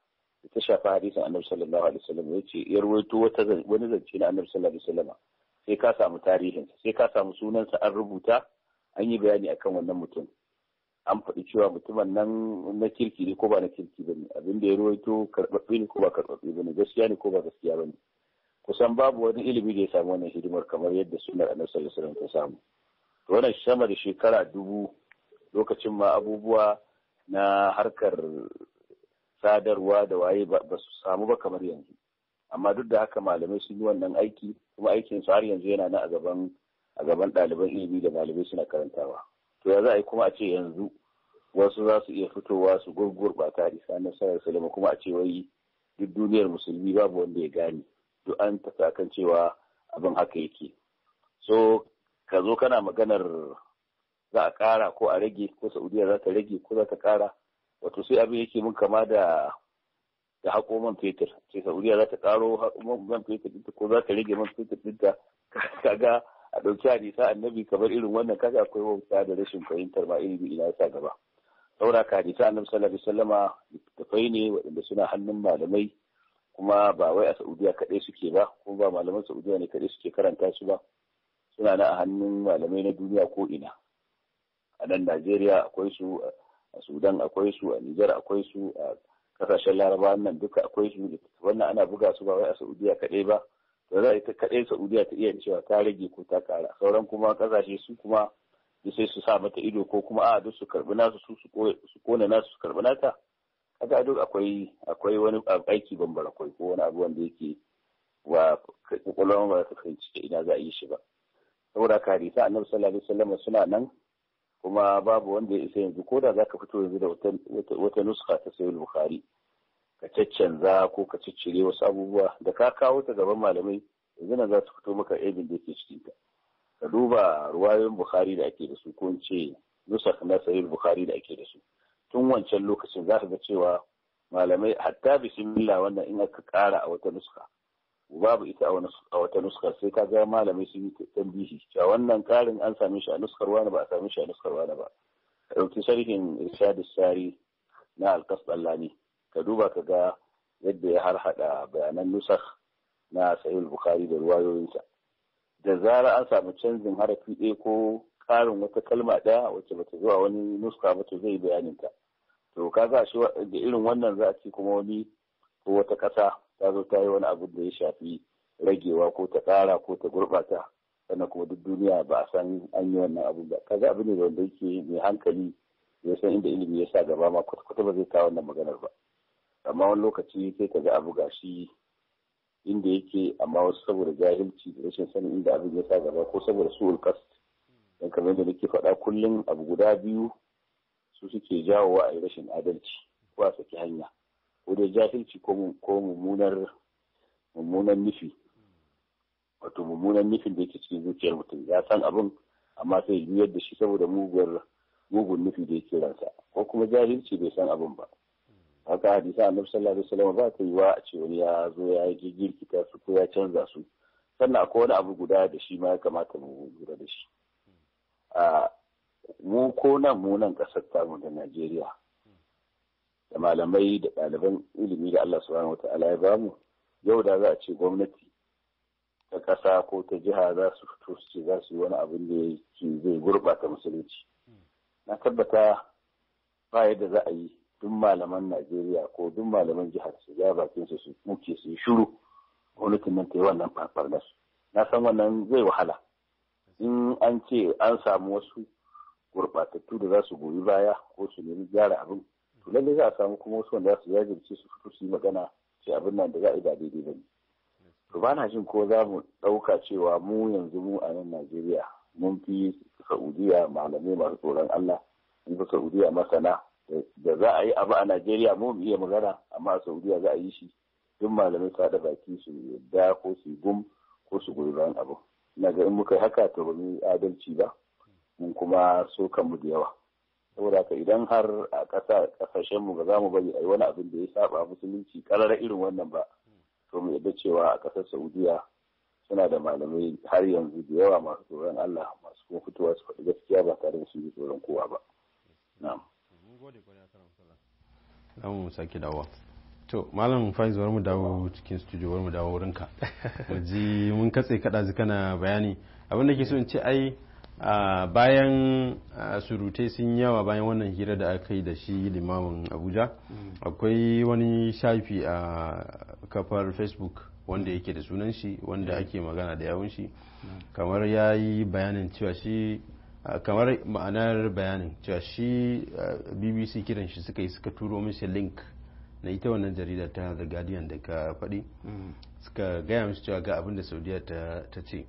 ta shafi hadisin annabi sallallahu alaihi wasallam ya ce ya rawaito wata wani zance na annabi sallallahu alaihi wasallam sai ka samu tarihin sai ka samu sunansa an rubuta an yi bayani akan wannan mutum an faɗi cewa mutumin nan na kirki ne ko ba na kirki ba ne abin da ya rawaito karɓaɓɓe ne ko ba karɓaɓɓe ba ne gaskiya ne ko ba gaskiya ba ne kusan babu wani ilimi da ya samu wannan hidimar kamar yadda sunar annabi sallallahu alaihi wasallam ta samu wannan sama da shekara dubu lokacin ma abubuwa na harkar sadarwa da waye ba su samu ba kamar yanzu amma duk da haka malamai sun yi wannan aiki kuma aikin su har yanzu yana na a gaban a gaban ɗaliban ilimi da malamai suna karantawa to ya za a yi kuma a ce yanzu wasu za su iya fitowa su ta isa na sarar salama kuma a ce wai duk duniyar musulmi babu wanda ya gane duk an tafi akan cewa abin haka yake so ka zo kana maganar za a kara ko a rage ko saudiya za ta rage ko za ta kara wato sai abin yake mun kama da da fetur sai saudiya za ta karo man fetur ɗinta ko za ta rage man fetur ɗinta *laughs* ga a ɗauki hadisa annabi kamar irin wannan kaga akwai wauta da rashin fahimtar ma ilimi ina sa gaba saura ka hadisa annabi sallallahu alaihi wasallama littattafai ne waɗanda suna hannun malamai kuma ba wai a saudiya kaɗai suke ba ko ba malaman saudiya ne kaɗai suke karanta su ba suna na a hannun malamai na duniya ko ina a nan najeriya akwai su a sudan akwai su a nijar akwai su a kasashen laraba nan duka akwai su wannan ana buga su ba wai a saudiya kaɗai ba to za ita kaɗai saudiya ta iya cewa ta rage ko ta ƙara sauran kuma kasashe su kuma sai su sa mata ido ko kuma a duk su karbi nasu su su kone nasu su karbi nata kaga duk akwai akwai wani aiki bambara akwai ko wani abu wanda yake wa kwakwalwa ba ta fahimci ina za a yi shi ba. saboda ka hadisa annabi sallallahu alaihi wasallam suna nan kuma babu wanda ya isa yanzu ko da zaka fito yanzu da wata nuska ta sayi bukhari ka caccanza ko ka ciccire wasu abubuwa da ka kawo ta gaban malamai yanzu nan za su fito maka aibin da yake cikin ka ka duba ruwayoyin bukhari da ake da su ko in ce nusak na sayi bukhari da ake da su tun wancan lokacin za ka ga cewa malamai hatta bismillah wannan in aka kara a wata nuska babu ita a wata nuskar sai ka ga malamai sun yi tambihi cewa wannan karin an same shi a nuskar wani ba a same shi a nuskar wani ba ka ɗauki sharhin irshad sari na alkas ɗallani ka duba ka ga yadda ya harhaɗa bayanan nusar na sahih bukari da ruwayoyinsa da zara an samu canjin harafi ɗaya ko ƙarin wata kalma ɗaya wacce bata zo a wani nuska ba zai bayanin ta to kaga shi da irin wannan za a ci kuma wani ko wata ƙasa ta zo ta yi wani abu da ya shafi ragewa ko ta ƙara ko ta gurɓata sannan kuma duk duniya ba a san an yi wannan abu ba kaga abu ne wanda yake mai hankali ya san inda ilimi ya sa gaba ma kwata-kwata ba zai kawo wannan maganar ba amma wani lokaci sai ka ga abu gashi inda yake amma wasu saboda jahilci da rashin sanin inda abin ya sa gaba ko saboda su kast dan kamar yadda nake faɗa kullum abu guda biyu su suke jawowa a yi rashin adalci ko a saki hanya ko dai jahilci ko mummunar nufi wato mummunar nufin da yake cikin zuciyar mutum ya san abin amma sai juyar da shi saboda muguwar mugun nufi da yake ransa ko kuma jahilci bai san abin ba haka hadisa annabi sallallahu alaihi wasallam ba ta yi wa a ce wani ya zo ya yi girkita su ko ya canza su sannan akwai wani abu guda da shi ma ya kamata mu lura da shi mu ko nan mu nan kasar tamu da Najeriya da malamai da ɗaliban ilimi da Allah subhanahu wa ta'ala ya bamu yau da za a ce gwamnati ta ƙasa ko ta jiha za su fito su ce za su yi wani abin da yake zai gurɓata musulunci na tabbata ba yadda za a yi duk malaman Najeriya ko duk malaman jihar su ja bakin su su muke su yi shiru gwamnatin nan ta yi wannan farfarnas na san wannan zai wahala in an ce an samu wasu gurɓatattu da za su goyi baya ko su nemi gyara abin to lalle za a samu kuma wasu wanda za su jajirce su fito su yi magana ce abin nan da za a yi ba daidai ba ne to ba na jin ko za mu ɗauka cewa mu yanzu mu a nan najeriya mun fi saudiya malamai masu tsoron allah mun fi saudiya masana da za a yi abu a najeriya mu mu iya magana amma a saudiya za a yi shi duk malamai su haɗa baki su yarda ko su gum ko su guri bayan abu na ga in muka haka to ba mu yi adalci ba mun kuma so kanmu da yawa saboda ka idan har a ƙasa ƙasashen mu ba za mu bari a yi wani abin da ya saba musulunci ƙarara irin wannan ba to mu yadda cewa a ƙasar saudiya suna da malamai har yanzu da yawa masu tsoron allah masu kuma fitowa su faɗi gaskiya ba tare da su yi tsoron kowa ba na'am mu sake dawowa to malam faiz mu dawo cikin studio mu dawo wurinka *laughs* mu ji mun katse kaɗa kana bayani abin da ke so in ce ai bayan surutai sun yawa bayan wannan hira da aka yi da shi limamin abuja mm. akwai wani shafi a kafar facebook wanda yake da sunan shi wanda ake magana da yawun shi kamar ya yi bayanin cewa shi kamar ma'anar bayanin cewa shi bbc kiran shi suka yi suka turo mishi link na ita wannan jarida ta the guardian da ka faɗi mm. suka gaya mishi cewa ga abin da saudiya ta ce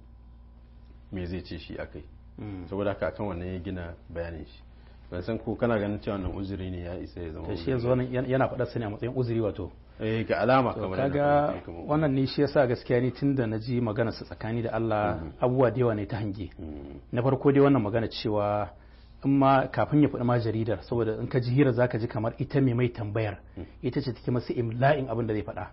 me zai ce shi akai Mm. saboda haka kan wannan ya gina bayanin shi ban san ko kana ganin cewa wannan uzuri ne ya isa ya zama shi yanzu yana faɗar sani a matsayin uzuri wato eh ga alama kamar kaga wannan ne shi yasa gaskiya ni tunda na ji magana sa tsakani da Allah mm-hmm. abubuwa da yawa ne ta hange mm. na farko dai wannan magana cewa Amma ma kafin ya faɗi ma jaridar saboda in ka ji hira za ka ji kamar ita mai mai tambayar hmm. ita ce take masa imla'in abin da zai faɗa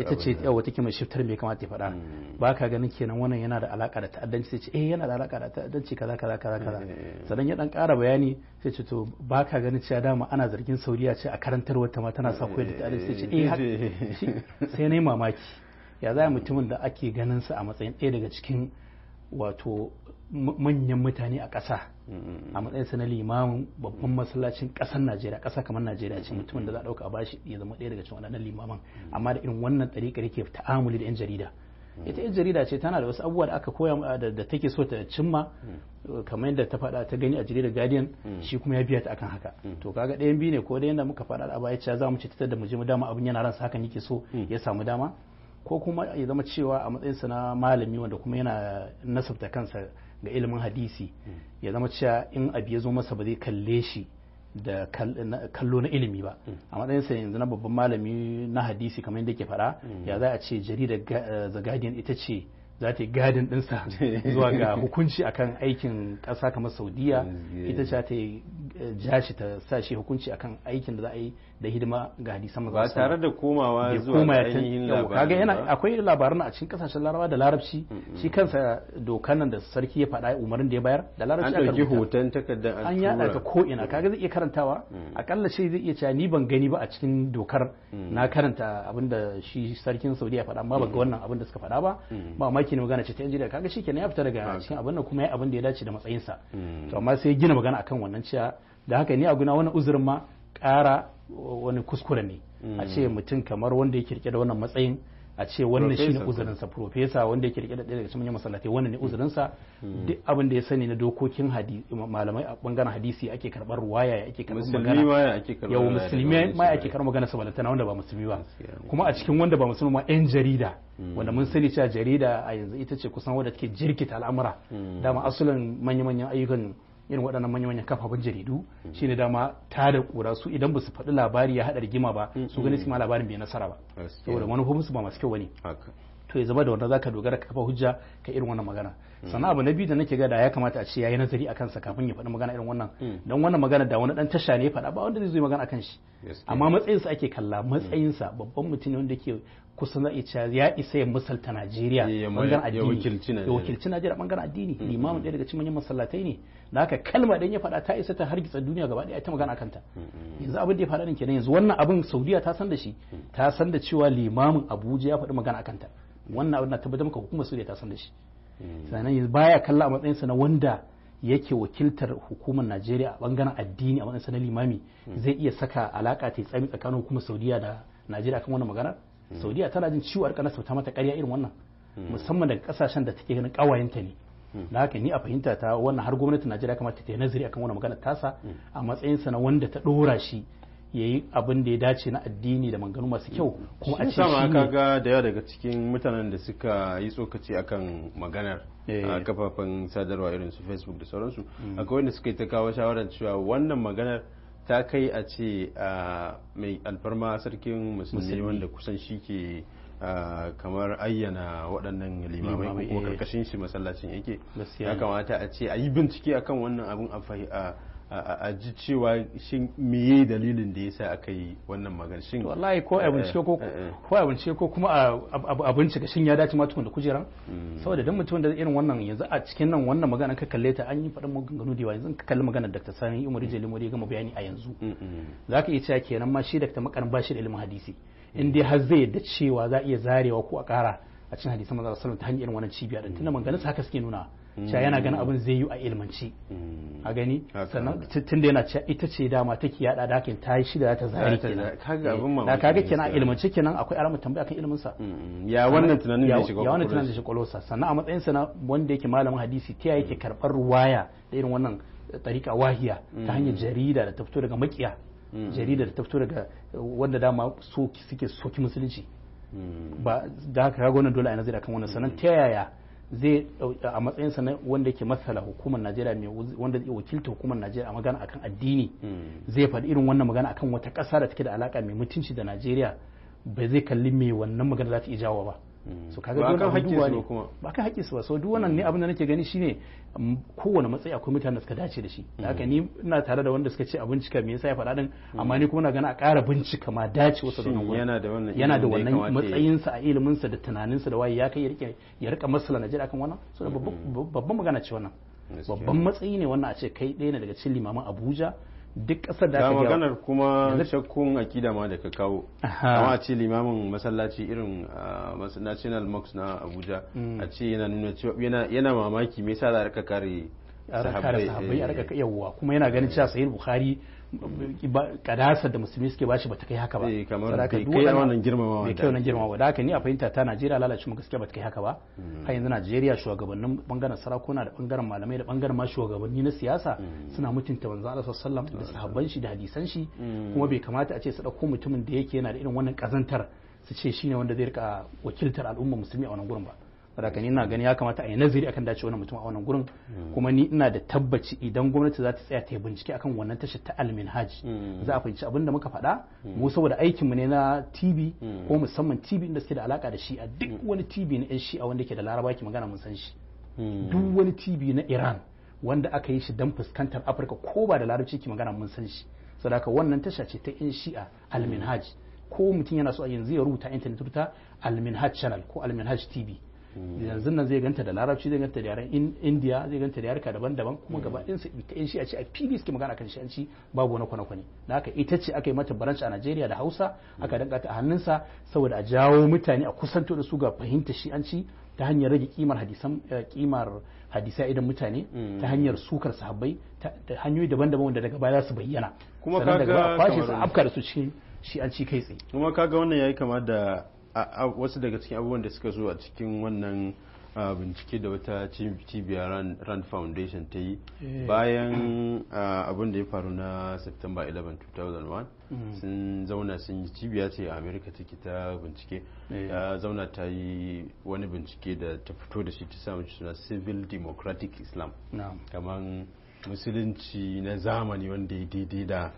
ita ce yawa take mai shiftar mai kamata ya faɗa hmm. ba ka ganin kenan wannan yana da alaka da ta'addanci sai ce eh yana da alaka da ta'addanci kaza kaza kaza kaza hmm. sannan ya dan ƙara bayani sai ce to ba ka ganin cewa dama ana zargin sauriya ce a karantarwar ta ma tana sa koyar da ta'addanci sai ce eh *laughs* *laughs* sai nai mamaki ya za mutumin da ake ganin sa a matsayin ɗaya daga cikin wato manyan mutane a ƙasa a matsayinsa na limamin babban masallacin ƙasar najeriya ƙasa kamar najeriya ce mutumin da za a ɗauka a bashi ya zama ɗaya daga cikin waɗannan limaman mm. amma da irin wannan ɗariƙar ke ta'amuli da 'yan jarida mm. ita yan jarida ce tana da wasu abubuwa da aka koya da take so ta cimma mm. kamar yadda ta faɗa ta gani a jaridar guardian shi kuma ya biya ta akan haka to kaga ɗayan biyu ne ko da yadda muka faɗa a baya cewa za mu ce tattar da mu je mu dama abin yana ransa haka yake so ya samu dama ko kuma ya zama cewa a matsayinsa na malami wanda kuma yana nasabta kansa ga ilimin hadisi hmm. ya zama cewa in abu ya zo masa ba zai kalle shi da kallo na ilimi ba hmm. a matsayinsa yanzu na babban malami na hadisi kamar yadda ke fara hmm. ya za a ce jaridar eh, the guardian ita ce za ta yi gadin ɗinsa *laughs* zuwa ga hukunci akan aikin ƙasa kamar saudiya ita ce ta yi eh, jashi ta sa shi hukunci akan aikin da za a yi da hidima ga hadisan manzo ba tare da komawa zuwa ainihin labarin kaga yana akwai labaran a cikin kasashen larabawa da larabci shi kansa dokan nan da sarki ya faɗa umarnin da ya bayar da larabci an ɗauki hoton takardar an an yaɗa ta ko ina kaga zai iya karantawa mm. akalla shi zai iya cewa ni ban gani ba a cikin dokar mm. na karanta abinda shi sarkin ya faɗa amma ban ga mm. wannan abinda suka faɗa ba ba maki ne magana ce ta injiniya kaga shi kenan ya fita daga cikin abin nan kuma ya abin da ya dace da matsayinsa to amma sai gina magana akan wannan cewa da haka ni a guna wannan uzurin ma ƙara wani kuskure ne a ce hmm. mutum kamar wanda ya kirke da wannan matsayin a ce wannan shi ne uzurinsa profesa wanda ya kirke da ɗaya daga cikin masallatai wannan ne hmm. uzurinsa hmm. duk abin da ya sani na dokokin malamai a bangaren hadisi ake karɓar ruwaya ya ake karɓar magana yau musulmi ma ake karɓar magana saboda tana wanda ba musulmi ba kuma a cikin wanda ba musulmi ma yan jarida wanda mun sani cewa jarida a yanzu ita ce kusan wadda take jirkita al'amura dama asalin manya-manyan ayyukan irin waɗannan manya-manyan kafafen jaridu shine dama ta da kura su idan ba su faɗi labari ya haɗa rigima ba su gani su ma labarin bai nasara ba saboda su ba masu kyau bane to ya zama da wanda zaka dogara ka kafa hujja ka irin wannan magana mm. sannan abu na biyu da nake ga da ya kamata a ce yayi nazari a kansa kafin ya faɗi magana irin wannan mm. Don wannan magana da wani dan tasha ne faɗa ba wanda zai zo magana akan shi amma matsayin sa ake kalla matsayin sa babban mutum ne wanda yake kusa na ita ya isa ya misalta Najeriya eh, bangaren addini ya wakilci Najeriya bangaren addini mm-hmm. limamin ɗaya daga cikin manyan masallatai ne da haka kalma ɗan ya faɗa ta isa ta hargitsa duniya gaba ɗaya ta magana kanta mm-hmm. yanzu abin da ya faɗa ɗin kenan yanzu wannan abin Saudiya ta san da shi mm-hmm. ta san da cewa limamin Abuja ya faɗi magana kanta wannan abin na tabbatar maka hukumar Saudiya ta san da shi sannan yanzu baya kalla a matsayinsa na wanda yake wakiltar hukumar Najeriya a bangaren addini a matsayinsa na limami zai iya saka alaka ta tsami tsakanin hukumar Saudiya da Najeriya kan wannan magana Hmm. saudiya tana jin ciwo a rika sauta mata ƙarya irin wannan hmm. musamman daga kasashen da take ganin kawayenta ne da hmm. haka ni a fahimta ta wannan har gwamnatin najeriya kamata ta yi nazari akan wannan magana tasa a matsayinsa na wanda ta dora shi Yayi yi abin da ya dace na addini da manganu masu kyau kuma a cikin shi ne ga da yawa daga cikin mutanen da suka yi tsokaci akan maganar a eh. kafafen sadarwa irin su facebook da sauransu akwai wanda suka yi ta kawo shawarar cewa wannan maganar ta kai a ce mai alfarma sarkin musulmi wanda kusan shi ke kamar ayyana waɗannan limamai ko eh. karkashin shi masallacin yake ya kamata a ce a yi bincike akan wannan abin a a ji cewa shin meye dalilin da ya sa aka yi wannan magana shin wallahi ko a bincike ko eh, eh, eh. ko ko kuma a bincike shin ya dace ma da kujeran hmm. saboda dan mutum da irin wannan yanzu a cikin nan wannan magana ka kalle ta an yi faɗin maganganu da yawa yanzu ka kalli maganar Dr. Sani Umar Jalimu da ya gama bayani a yanzu hmm, hmm. zaka iya cewa kenan ma shi Dr. Makarin bashi da ilimin hadisi in dai har zai yadda cewa za a iya zarewa ko a ƙara a cikin hadisan manzo sallallahu alaihi wasallam ta hanyar irin wannan cibiya din tunda maganganun haka suke nuna cewa yana ganin abin zai yi a ilmanci mm. a gani sannan tun da yana cewa ita ce dama take yada da hakan ta yi shida da ta zari kenan kaga ga kenan ilmanci kenan akwai alama tambaya kan ilmin sa mm, mm. ya wannan tunanin da shiga ya wannan tunanin da shiga kwalosa sannan a matsayin sa na wanda yake malamin hadisi ta yake karbar ruwaya da irin wannan eh, tarika wahiya ta hanyar jarida da ta fito daga makiya jarida da ta fito daga eh, wanda dama suke soki musulunci ba da haka ga wannan dole a da kan wannan sannan ta yaya zai a matsayinsa na wanda ke masala hukumar najeriya mai wanda zai wakilta hukumar najeriya a magana akan addini hmm. zai faɗi irin wannan magana akan wata ƙasa da take da alaka mai mutunci da najeriya ba zai kalli mai wannan magana za ta iya ba Mm. so kaga dole kan haƙƙi su kuma ba kan haƙƙi su ba so duk wannan ne abin da nake gani shine mm, kowane matsayi akwai mutanen da suka dace da shi mm. haka ni ina tare da wanda suka ce a bincika me yasa ya faɗa din amma ni kuma na gana a ƙara bincika ma dace wasu da wannan yana da wannan yana da wannan matsayin sa a ilimin sa da tunanin sa da waye ya kai ya rike ya rika masala najira kan wannan so babban magana ce wannan babban matsayi ne wannan a ce kai ɗaya ne daga cikin limaman Abuja duk ƙasar da aka jawo maganar kuma shakkun akida ma da ka kawo amma a ce limamin masallaci irin ah, national mox na abuja mm. a ce yana nuna cewa yana mamaki me yasa za a rika kare sahabbai a rika eh. yawa kuma yana ganin cewa sahih Buhari. kadasar da musulmi suke bashi bata kai haka ba eh, kamar bai kai wannan girmamawa kai wannan da haka ni a fahimta ta Najeriya lalace mu gaskiya bata kai haka ba hmm. har yanzu Najeriya shugabannin bangaren sarakuna da bangaren malamai da bangaren ma shugabanni na siyasa hmm. suna mutunta manzo Allah sallallahu alaihi wasallam da sahabban shi da hadisan shi hmm. kuma bai kamata a ce su dauko mutumin da yake yana da irin wannan kazantar su ce shi ne wanda zai rika wakiltar al'umma musulmi a wannan gurin ba saboda ina gani ya kamata a yi nazari akan dace wannan mutum a wannan gurin hmm. kuma ni ina da tabbaci idan gwamnati za ta tsaya ta yi bincike akan wannan tashar ta alminhaj hmm. za a fahimci abin da muka faɗa hmm. mu saboda aikin mu ne na TV ko musamman TV inda suke da alaka da shi a duk wani TV na yan shi'a wanda ke da laraba ki magana mun san shi duk wani TV na Iran wanda aka yi shi dan fuskantar Afirka ko ba da larabci ki magana mun san shi saboda wannan tasha ce ta yan shi'a alminhaj ko mutum yana so a yanzu ya rubuta internet rubuta alminhaj channel ko alminhaj tv yanzu nan zai ganta da larabci zai ganta da yaren indiya zai ganta da yarka daban-daban kuma gaba in su shi a ce a fili suke magana kan shi babu wani kwane-kwane da ita ce aka yi mata branch a Najeriya da Hausa aka danka ta a hannunsa saboda a jawo mutane a kusanto da su ga fahimta shi'anci an ta hanyar rage kimar hadisan eh, kimar hadisa idan mutane ta mm. hanyar sukar sahabbai ta hanyoyi daban-daban wanda daga baya su bayyana kuma kaga kwashe su afka da su cikin shi kai tsaye kama da wasu daga cikin abubuwan da suka zo a cikin wannan bincike da wata cibiyar rand foundation ta yi eh. bayan abin da ya faru na september 11 2001 mm. sun zauna sun yi cibiya ce a america take ta bincike ya eh. zauna ta yi wani bincike da ta fito da shi ta samun suna civil democratic islam kamar musulunci na zamani wanda ya daidai da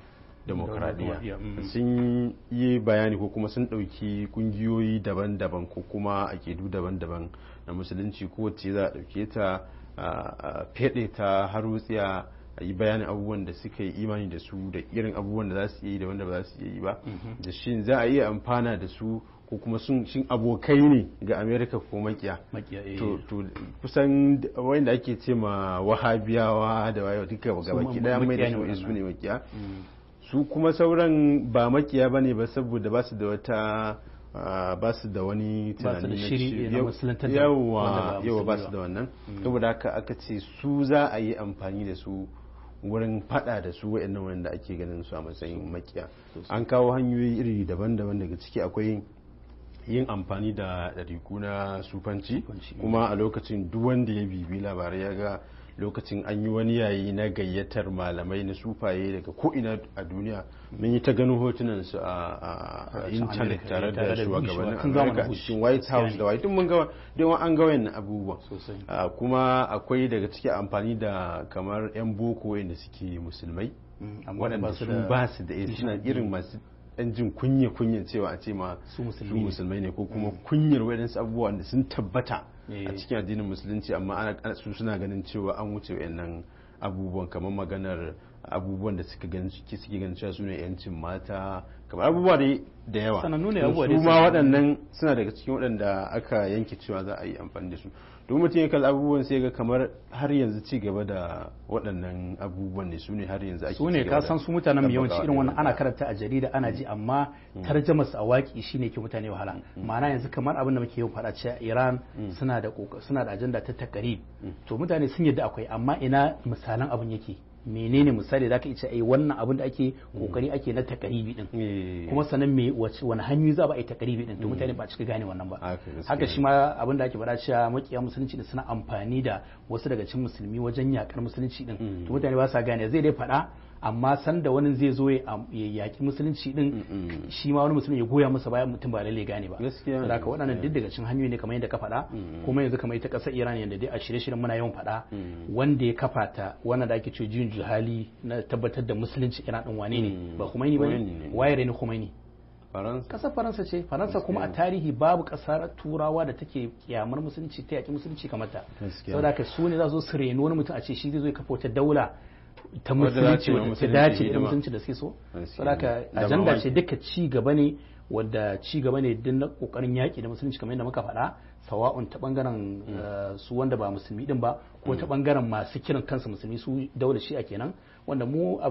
demokradiyya mm. sun yi bayani ko kuma sun ɗauki ƙungiyoyi daban-daban ko kuma akidu daban-daban na musulunci ko wacce za a ɗauke ta feɗe ta har wutsiya a yi bayanin abubuwan da suka yi imani da su da irin abubuwan da za su yi daban da ba za su yi ba mm-hmm. da shi za a iya amfana da su ko kuma sun abokai ne ga amerika ko makiya eh. to kusan wanda ake ce ma wahabiyawa da wayo duka ga baki daya mai da su ne makiya mm. su kuma sauran ba makiya ba ne ba saboda ba su da wata ah, ba su da wani tunani yawa yawa ba su da wannan mm. saboda haka aka ce su za a yi amfani da su wurin fada da su waɗannan wanda ake ganin su a matsayin makiya an kawo hanyoyi iri daban-daban daga ciki akwai yin amfani da ɗariku na sufanci kuma a lokacin duk wanda ya bibi labarai ya ga lokacin an yi wani yayi na gayyatar malamai na sufaye daga ko'ina a duniya mun yi ta ganin hotunan su a intanet eh, tare da gabanin amurka cikin white house da white mun gawa don an gawa wayan abubuwa ah, kuma akwai daga ciki amfani da kamar yan boko yadda suke musulmai mm, waɗanda su ba su da suna irin masu dan jin kunya kunyan cewa a ce ma su musulmai ne ko kuma mm. kunyar waɗansu abubuwa da sun tabbata Eh. a cikin addinin musulunci amma su suna ganin cewa an wuce wayannan abubuwan kamar maganar abubuwan da suka suke ganin cewa su ne yancin mata kamar abubuwa da yawa sanannu ne abubuwa su ma waɗannan suna daga cikin waɗanda aka yanke cewa za a yi amfani da su duk mutum ya kalli abubuwan sai ga kamar har yanzu ci gaba da waɗannan abubuwan ne su ne har yanzu ake su ne ka san su mutanen mu yawanci irin wannan ana karanta a jarida ana ji amma hmm. tarjama su a waki shine ke mutane wahala hmm. ma'ana yanzu kamar abin da muke yau faɗa cewa Iran hmm. suna da suna da ajanda ta takarib to mutane sun yadda akwai amma ina misalan abin yake menene misali zaka ce ai wannan abin da ake mm. kokari ake na takaribi din eh. kuma sanan me wani hanyoyi za ba ai takaribi din to mm. mutane ba cika gane wannan ba haka shi ma abin da ake faɗa cewa makiya musulunci da suna amfani da wasu daga cikin musulmi wajen yakar musulunci din mm. to mutane ba sa gane zai dai faɗa amma sanda wani zai zo ya yaki musulunci din shi ma wani musulmi ya goya masa bayan mutum ba lalle gane ba saboda waɗannan duk daga cikin hanyoyi ne kamar yadda ka faɗa kuma yanzu kamar ita ƙasar Iran yadda dai a shirye-shiryen muna yawan faɗa wanda ya kafa ta wannan da ake cewa jin juhali na tabbatar da musulunci Iran din wane ne ba Khomeini ni wayar ne Khomeini Faransa. Kasar Faransa ce, Faransa kuma a tarihi babu kasar turawa da take kyamar musulunci ta yaki musulunci kamar ta. Saboda haka su ne za su reno wani mutum a ce shi zai zo ya kafa wata daula ta musulunci ta dace da musulunci da suke so saboda ajanda ce duka ci gaba ne wadda ci gaba ne din na kokarin yaki da musulunci kamar yadda muka faɗa sawa'un ta bangaren hmm. eh, su wanda ba musulmi din ba ko ta bangaren hmm. masu kiran kansu musulmi su daular shi'a kenan wanda mu a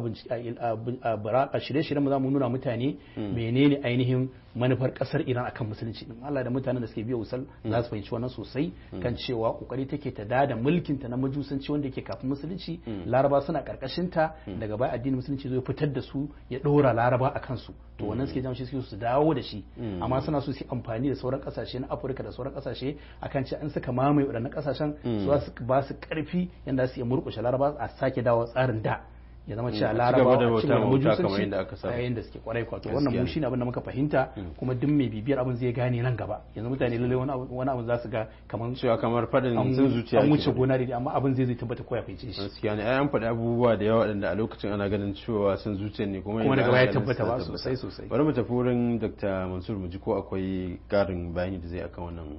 a shirye-shiryen mu za mu nuna mutane hmm. menene ainihin manufar kasar iran akan musulunci din Allah da mutanen da suke biyo usal za su fahimci wannan sosai hmm. kan cewa kokari take ta dada mulkin ta na majusanci wanda yake kafin musulunci hmm. laraba suna karkashin ta hmm. daga baya addinin musulunci zai fitar da su ya dora laraba a kansu. to wannan suke jami'a suke su dawo da shi amma suna so su amfani da sauran kasashe na afirka da sauran kasashe akan cewa in suka mamaye waɗannan kasashen su ba su karfi yanda su iya murƙushe laraba a sake dawo tsarin da ya zama cewa mm, larabawa a cikin mujusanci yayin da suke kwarai kwato wannan mu shine abin da muka fahimta mm. kuma duk mai bibiyar abin zai gane nan gaba yanzu mutane lalle wani abin za su ga kamar cewa kamar fadin sun zuciya an wuce gona da amma abin zai zai tabbata ko ya fice shi gaskiya ne an faɗi abubuwa da yawa da a lokacin ana ganin cewa sun zuciya ne kuma kuma daga baya tabbata ba sosai sosai bari mu tafi wurin Dr. Mansur mu ji ko akwai garin bayani da zai akan wannan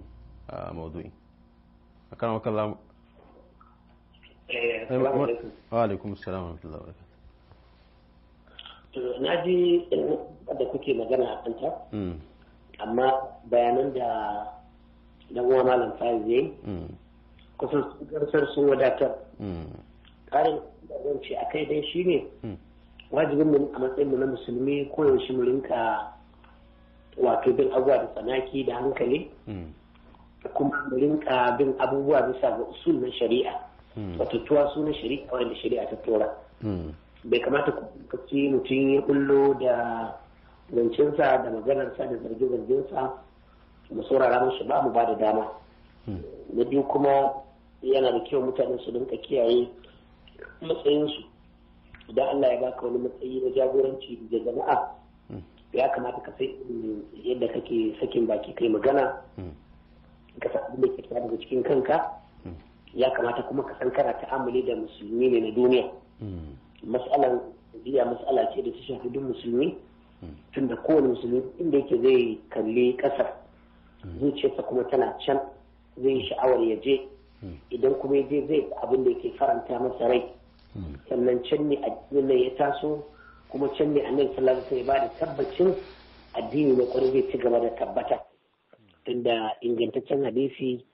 ah, maudu'in akan wakala alaikum alaikum na ji da kuke magana a kanta hmm. amma bayanan da dan uwa malam faiz yayi hmm. kusan karsar sun wadatar hmm. karin da zan ce akai dai shine wajibin mu a matsayin mu na musulmi koyaushe mu rinka wato bin abuwa da tsanaki da hankali kuma mu rinka bin abubuwa bisa ga usul na shari'a Hmm. batutuwa su na shari'a wanda shari'a ta tura hmm. bai kamata ku ce mutum ya kullo da zancensa da maganarsa da zarge-zargensa mu saurara mashi ba mu ba da dama hmm. na biyu kuma yana da kyau mutane su dinka kiyaye matsayinsu idan Allah ya baka wani matsayi na jagoranci da jama'a ya kamata ka sai yadda kake sakin baki kai magana ka sa abin da ke daga cikin kanka ya kamata kuma ka san kana ta'amuli da musulmi ne na duniya hmm. mas'alan biya mas'ala ce da ta shafi duk musulmi hmm. tunda kowane musulmi inda yake zai kalli kasar hmm. zuciyarsa kuma tana can zai yi sha'awar ya je idan kuma ya je zai abin da yake faranta masa rai sannan can ne addinin ya taso kuma can ne annabi sallallahu alaihi wasallam ya bada tabbacin addini na kwarai zai ci gaba da tabbata tunda ingantaccen hadisi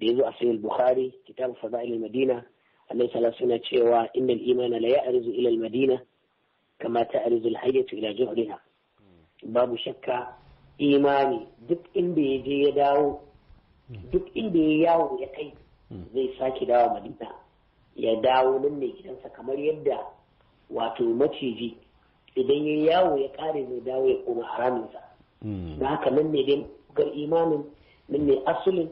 da ya zo a sayin bukhari kitabu fada'il madina Allah sallallahu suna cewa innal imana la ya'rizu ila madina kama ta'rizu al-hayyatu ila juhriha babu shakka imani duk inda ya je ya dawo duk inda ya yawo ya kai zai sake dawo madina ya dawo nan ne gidansa kamar yadda wato maciji idan ya yawo ya kare zai dawo ya koma haraminsa hmm. da haka nan ne dai imanin nan ne asulin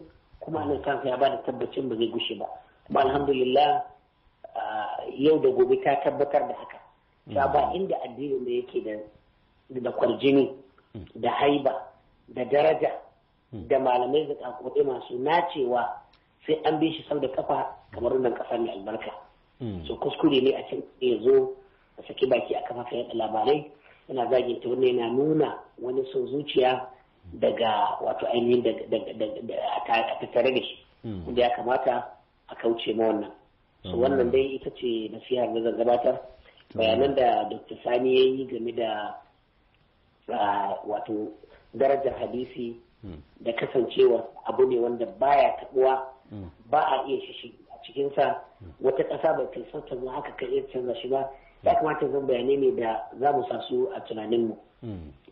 kuma Allah kansa ya ba da tabbacin ba zai gushe ba kuma alhamdulillah yau da gobe ta tabbatar da haka ta ba inda addinin da yake da kwarjini da haiba da daraja da malamai da kakoɗe masu nacewa sai an bi shi sau da kafa kamar nan kasa mai albarka so kuskure ne a can ya zo a saki baki a kafafen labarai yana zagin ta yana nuna wani son zuciya daga wato ainihin a tattare da shi hmm. wanda ya kamata a kauce ma wannan so hmm. wannan dai ita ce nasihar da zan gabatar hmm. bayanan da dr sani ya yi game da wato darajar hadisi da kasancewa abu ne wanda baya taɓuwa ba a iya shi a cikinsa wata ƙasa bai filsafta haka ka iya canza shi ba ya kamata zan bayanai ne da za mu sa su a tunaninmu. mu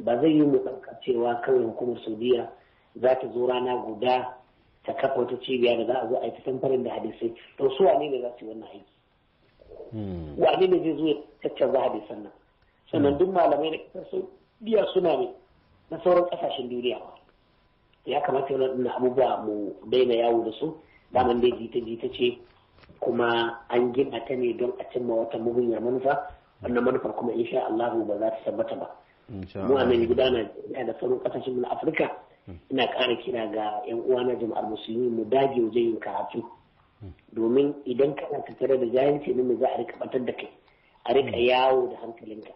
ba zai yi mu cewa kawai hukumar saudiya za ta zo rana guda ta kafa wata cibiya da za a zo a yi ta tamfarin da hadisai to su wane ne za su yi wannan aiki wane ne zai zo ya caccanza hadisan nan sannan duk malamai na ƙasar saudiya suna ne na sauran kasashen duniya ya kamata yana abubuwa mu daina yawo da su daman dai jita jita ce kuma an gina ta ne don a cimma wata muhimmiyar manufa wannan manufar kuma insha Allah ba za ta tabbata ba mu a guda na da sauran kasashen na afirka ina kara kira ga 'yan uwana jama'ar musulmi mu dage waje yin karatu domin idan kana tattare da jahilci ne mu za a rika batar da kai a rika mm. yawo da hankalinka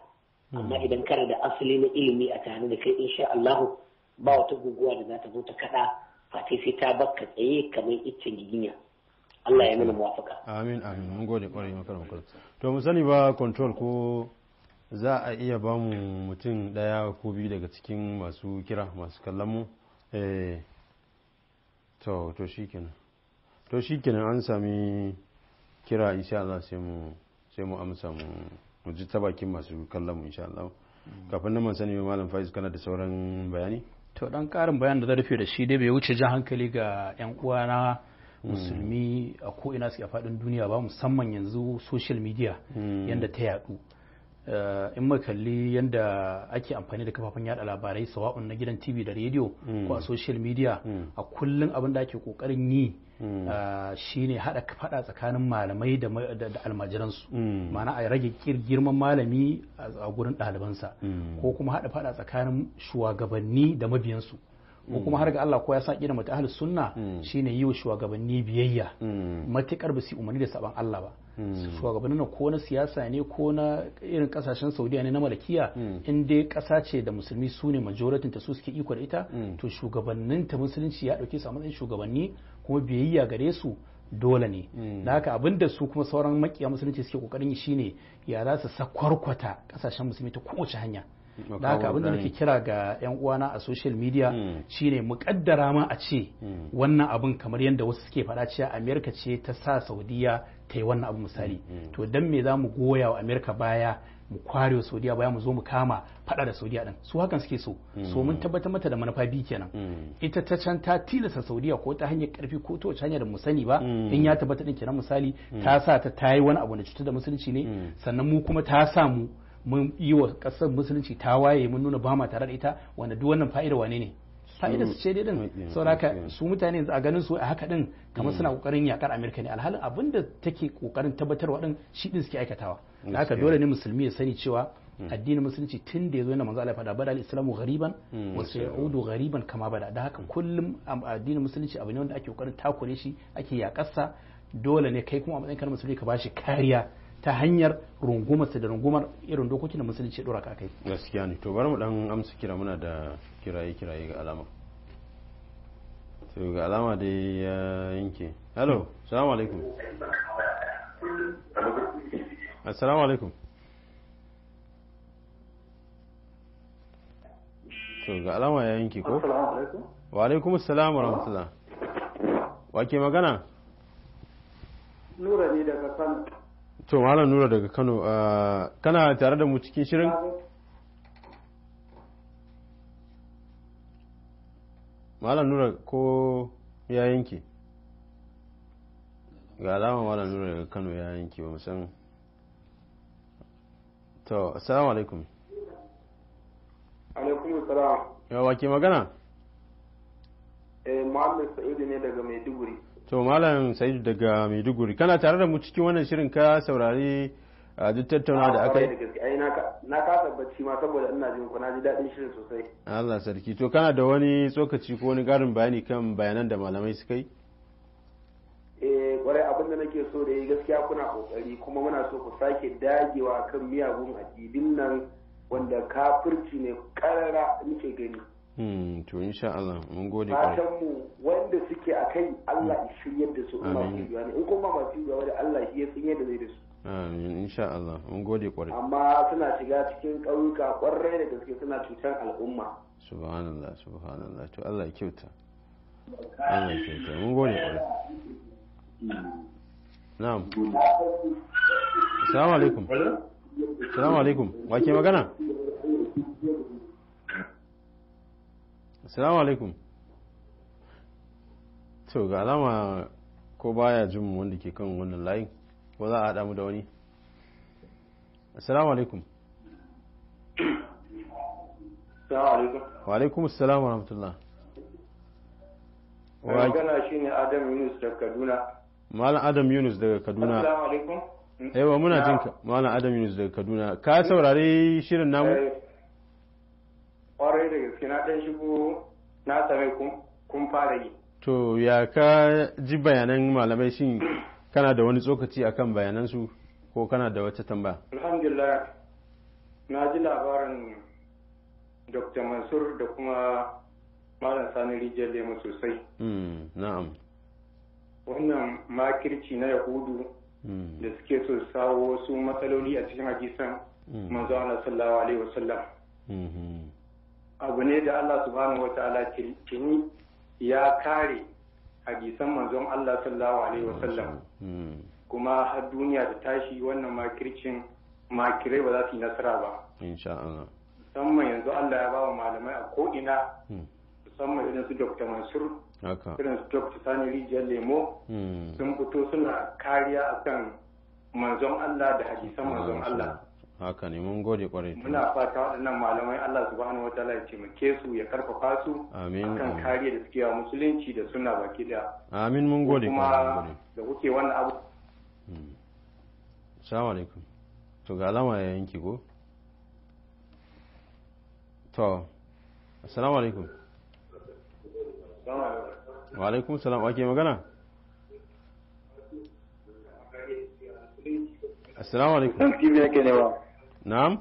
amma mm. idan kana da asali na ilimi a tare da kai insha Allah ba wata guguwa da za ta zo ta kada fate sai ta bakka tsaye kamar iccen giginya Allah ya mana muwafaka amin amin mun gode kwarai maka to mu sani ba control ko za a iya ba mu mutum ɗaya ko biyu daga cikin masu kira masu kallonmu eh, to to shi kenan to shi kenan an sami kira insha Allah sai mu sai mu amsa mu ji ta bakin masu kallonmu insha Allah kafin nan sani mai malam Faiz kana da sauran bayani to dan karin bayan da zan rufe da shi dai bai wuce jan hankali ga yan uwana hmm. musulmi a ko ina suke faɗin duniya ba musamman yanzu social media hmm. yanda ta yadu Eh, in makalli kalli yadda ake amfani da kafafen yada labarai sawa'un na gidan tv da rediyo mm. ko a social media mm. a kullum abin da ake kokarin yi mm. eh, shine hada fada tsakanin malamai da almajiransu Mana a rage girman malami a gurin ɗalibansa ko kuma hada fada tsakanin shugabanni da mabiyansu ko kuma har ga Allah ko ya sa kira mata sunna shine yi wa shugabanni biyayya matukar ba su umarni da saban Allah ba shugabannin na ko na siyasa ne ko na irin kasashen saudiya ne na malakiya hmm. in dai kasa ce da musulmi su ne majoratin ta su suke iko da ita hmm. to shugabannin ta musulunci ya dauke su shugabanni kuma biyayya gare su dole ne hmm. da haka abinda su kuma sauran makiya musulunci suke kokarin yi shine ya za su sakwarkwata kasashen musulmi ta kowace hanya da haka abinda nake kira ga yan uwana a social media shine mu kaddara ma a ce wannan abin kamar yadda wasu suke faɗa cewa amerika ce ta sa saudiya ta yi wannan abu misali mm, mm. to dan me za mu goya wa amerika baya mu kware wa saudiya baya mu zo mu kama fada da saudiya din su hakan suke so mm. so mun tabbatar mata da manufa bi kenan ita ta can ta tilasta saudiya ko ta hanyar karfi ko ta wace hanyar da mu sani ba in ya tabbata din kenan misali ta sa ta tayi wani abu da cutar da musulunci ne sannan mu kuma ta sa mu mun yi wa kasar musulunci ta waye mun nuna ba ma tare da ita wanda duk wannan fa'ida wane ne saida su ce din mm. Mm. saboda mm. su mutane a ganin su a haka din kamar suna kokarin yakar Amerika ne alhalin da take kokarin tabbatarwa din shi din suke aikatawa haka dole ne musulmi ya sani cewa addinin musulunci tun da yazo yana manzo Allah fada badal islamu ghariban wa sayudu ghariban kama bada da haka kullum addinin musulunci abu ne wanda ake kokarin takure shi ake yakarsa dole ne kai kuma a matsayin kan musulmi ka bashi kariya ta hanyar rungumarsa da rungumar irin dokokin da musulunci dora ka kai gaskiya ne to bari mu dan amsa kira muna da kiraye kiraye ga alama to ga alama da ya yanke hello assalamu alaikum assalamu alaikum to ga alama ya yanke ko wa alaikum assalam wa rahmatullah wa ke magana nura ne daga kano to malam nura daga kano ah, kana tare da mu cikin shirin malam nura ko ya yanke ga alama malam nura daga kano ya yanke ba musamman to assalamu alaikum alaikum salam yawa ke magana eh muhammad sa'idu ne daga maiduguri to malam saidu daga maiduguri kana tare da mu cikin wannan shirin ka saurari a duk tattauna da aka yi na kasa bacci ma saboda ina jin ku na ji daɗin shirin sosai Allah sarki to kana da wani tsokaci ko wani garin bayani kan bayanan da malamai suka yi eh kwarai abin da nake so da yi gaskiya kuna kokari kuma muna so ku sake dagewa kan miyagun addinin nan wanda kafirci ne karara nake gani Hmm, to insha Allah mun gode ka fatan mu wanda suke a kai Allah ya shiryar da su in ba su ne in kuma ba su da Allah shi ya tsinyar da zai da su amin insha Allah mun gode kwarai amma suna shiga cikin ƙauyuka kwarai da gaske suna cutar al'umma subhanallah subhanallah to Allah ya kyauta Allah ya kyauta mun gode kwarai na'am assalamu alaikum assalamu alaikum wa ke magana assalamu alaikum to ga alama ko baya jin wanda ke kan wannan layin ko za a damu mu da wani assalamu alaikum wa alaikum assalamu wa rahmatullah wa magana shine adam yunus daga kaduna malam adam yunus daga kaduna assalamu alaikum aiwa muna jin ka malam adam yunus daga kaduna ka saurari shirin namu eh, kwarai da gaske na ɗan shigo na same kun fara yi to ya ka ji bayanan malamai shin kana da wani tsokaci akan bayanan su ko kana da wata tambaya alhamdulillah na ji labarin dr mansur da kuma malam sani rijiyar lemu sosai hmm, na'am wannan makirci na yahudu hmm. da suke so sawo wasu matsaloli a cikin hadisan hmm. manzo Allah sallallahu alaihi wasallam abu ne da Allah subhanahu ta'ala kini ya kare hadisan manzon Allah sallallahu alaihi wa sallam. Hmm. kuma har duniya da tashi wannan makircin makirai ba za su yi nasara ba insha Allah musamman yanzu Allah ya ba wa malamai a ko'ina hmm. musamman irin su Dr. Mansur irin su Dr. Sani Rijiyar Lemo hmm. sun fito suna kariya akan manzon Allah da hadisan manzon Allah haka ne mun gode kwarai muna fata waɗannan malamai Allah subhanahu wa ta'ala ya taimake su ya karfafa su amin kan kariya da suke wa musulunci da sunna baki da amin mun gode kwarai da kuke wannan abu hmm. assalamu alaikum to ga alama ya yanki go to assalamu alaikum wa alaikum salam ake magana assalamu alaikum na'am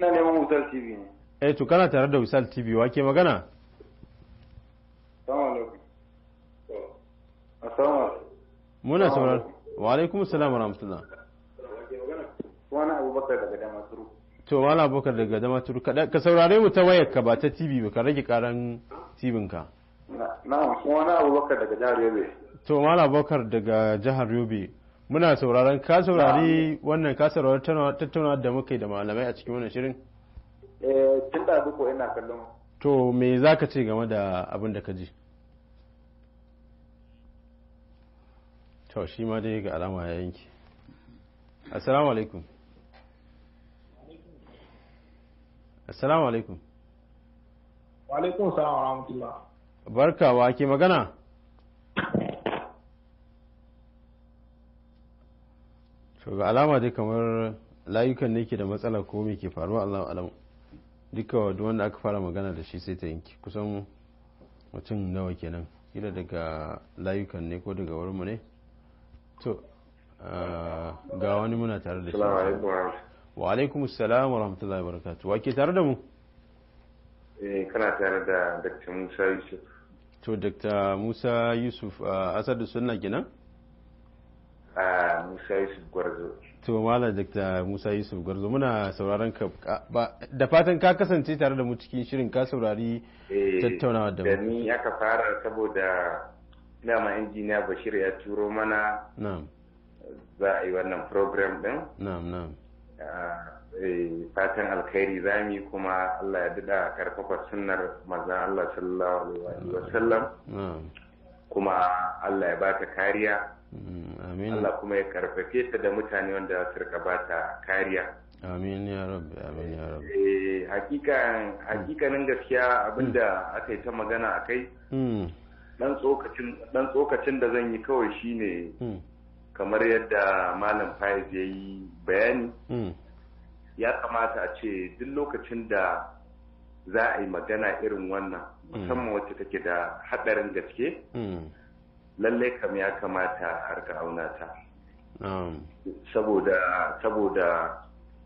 na neman wisal tv ne eh to kana tare da wisal tv wa ke magana muna saurar wa alaikum salam wa rahmatullah wani abubakar daga damaturu to wani abubakar daga damaturu ka saurare mu ta wayar ka ba ta tv ba ka rage karan tv ka na'am wani abubakar daga jihar yobe to wani abubakar daga jihar yobe muna sauraron ka saurari wannan ka saurari tattauna da muka yi da malamai a cikin wannan shirin eh tun da ko ina kallon to me za ka ce game da abin da ka ji to shi ma dai ga alama ya yanki assalamu alaikum assalamu alaikum wa alaikum salam wa rahmatullah barka wa ke magana *coughs* to ga alama dai kamar layukan ne ke da matsala ko me ke faruwa Allah alam duka wadda wanda aka fara magana da shi sai ta yanki kusan mutum nawa kenan kila daga layukan ne ko daga wurinmu ne to ga wani muna tare da shi wa alaikum salam wa rahmatullahi wa barakatuh wa ke tare da mu eh kana tare da Dr. Musa Yusuf to Dr. Musa Yusuf asadu sunna kenan Musa Yusuf Gwarzo. To Malam Dr. Musa Yusuf Gwarzo muna sauraron ka da fatan ka kasance tare da mu cikin shirin ka saurari eh, tattaunawa da mu. Da ni aka fara saboda dama injiniya Bashir ya turo mana. Na'am. Za a yi wannan program din. Na'am na'am. Ah, eh, fatan alkhairi yi kuma Allah ya duɗa karfafa sunnar manzon Allah sallallahu alaihi wa sallam. Na'am. kuma Allah ya bata kariya mm, Allah kuma ya karfafe ta da mutane wanda su rika bata kariya amin ya rabbi amin ya rabbi eh hakikan hakikanin gaskiya abinda aka yi ta magana a kai mm. tsokacin dan tsokacin da zan yi kawai shine mm. kamar yadda malam Faiz ya yi bayani ya kamata a ce duk lokacin da za a yi magana irin wannan musamman wacce take da haɗarin gaske mm. lallai kam ya kamata har ka auna ta um. saboda dan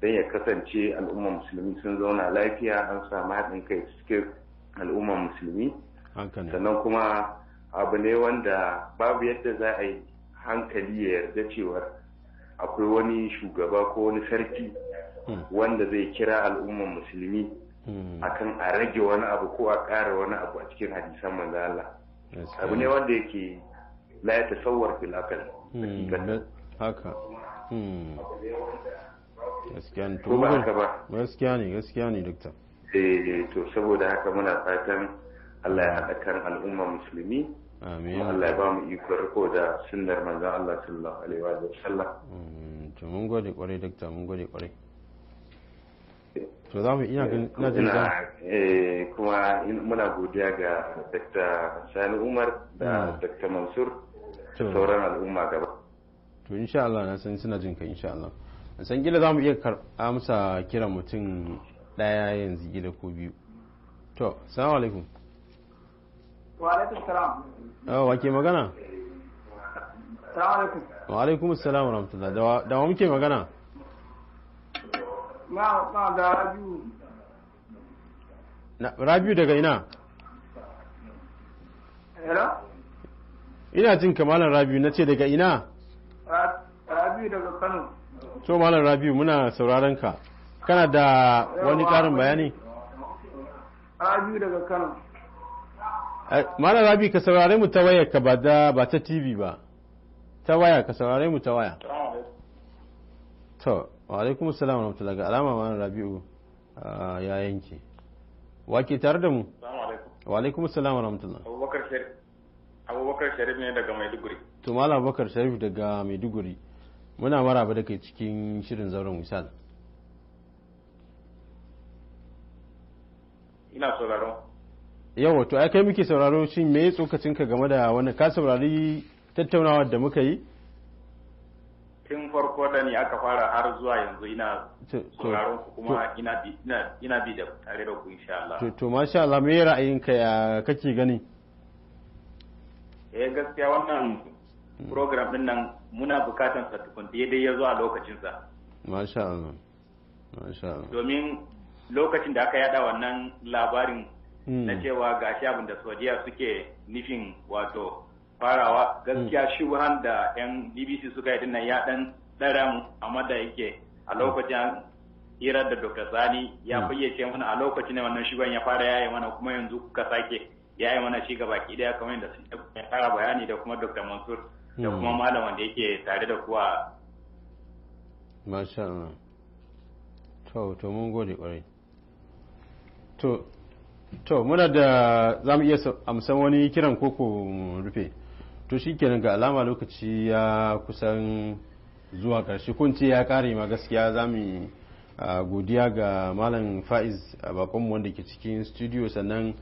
don ya kasance al'ummar musulmi sun zauna lafiya an samu haɗin kai cikin al'ummar musulmi sannan kuma abu ne wanda babu yadda za a yi hankali ya yarda cewar akwai wani shugaba ko wani sarki mm. wanda zai kira al'ummar musulmi Hmm. A kan a rage wani abu ko a ƙara wani abu a cikin hadisan manzo Allah abu ne wanda yake la ya tasawwar fil hmm, akal haka hmm. gaskiya ne to gaskiya ne gaskiya ne dokta eh, eh to saboda haka muna fatan Allah ya haɗa kan al'umma musulmi amin Allah ya ba mu iko riko da sunnar manzo Allah sallallahu alaihi wa sallam to mun gode kwarai dokta mun gode kwarai to za mu ina jin eh, kuma muna godiya ga dakta Sani Umar da dakta Mansur sauran al'umma gaba to insha Allah na san suna jin ka insha Allah a san gida za mu iya karɓa amsa kira mutum daya yanzu gida ko biyu to salamu alaikum wa alaikum salam oh wake magana salamu alaikum wa alaikum assalam wa da wa muke magana ma ma da rabiu rabiu daga ina ina jin kamalan rabiu na ce daga ina rabiu daga kano to malan rabiu muna sauraron ka kana da wani karin bayani rabiu daga kano malan rabi ka saurare mu ta wayar ka ba da ba ta tv ba ta waya ka saurare mu ta waya to wa alaikum salam wa rahmatullahi ga alama ma rabi'u ya yanke wa ke tare da mu wa alaikum assalam wa rahmatullahi abubakar sharif abubakar sharif ne daga maiduguri to malam abubakar sharif daga maiduguri muna maraba da kai cikin shirin zauren misal ina sauraro yawa to ai kai muke sauraro shin me ya tsokacin ka game da wannan ka saurari tattaunawar da muka yi tun farko da ni aka fara har zuwa yanzu ina sauraron ku kuma ina bi ina bi da tare da ku insha Allah to to masha Allah me ra'ayinka ya kake gani eh gaskiya wannan mm. program din nan muna bukatan sa tukun daidai ya zo a lokacin sa masha Allah masha Allah domin lokacin da aka yada wannan labarin mm. na cewa gashi abin da Saudiya suke nufin wato farawa gaskiya hmm. shuhan da yan bbc suka yi dinnan ya dan dara mu amma da yake a hmm. lokacin hirar da dr sani ya hmm. fayyace mana a lokacin da wannan shugaban ya fara yaye mana kuma yanzu kuka sake yaye mana shi gaba ki daya kamar yadda ya fara bayani da kuma dr mansur da kuma malam wanda yake tare da kuwa masha Allah to mun gode kwarai to to muna da za mu iya amsan wani kiran koko rufe to kenan ga alama lokaci ya kusan zuwa karshe kunce ya kare ma gaskiya za mu godiya ga malam fa'iz a bakonmu wanda ke cikin studio sannan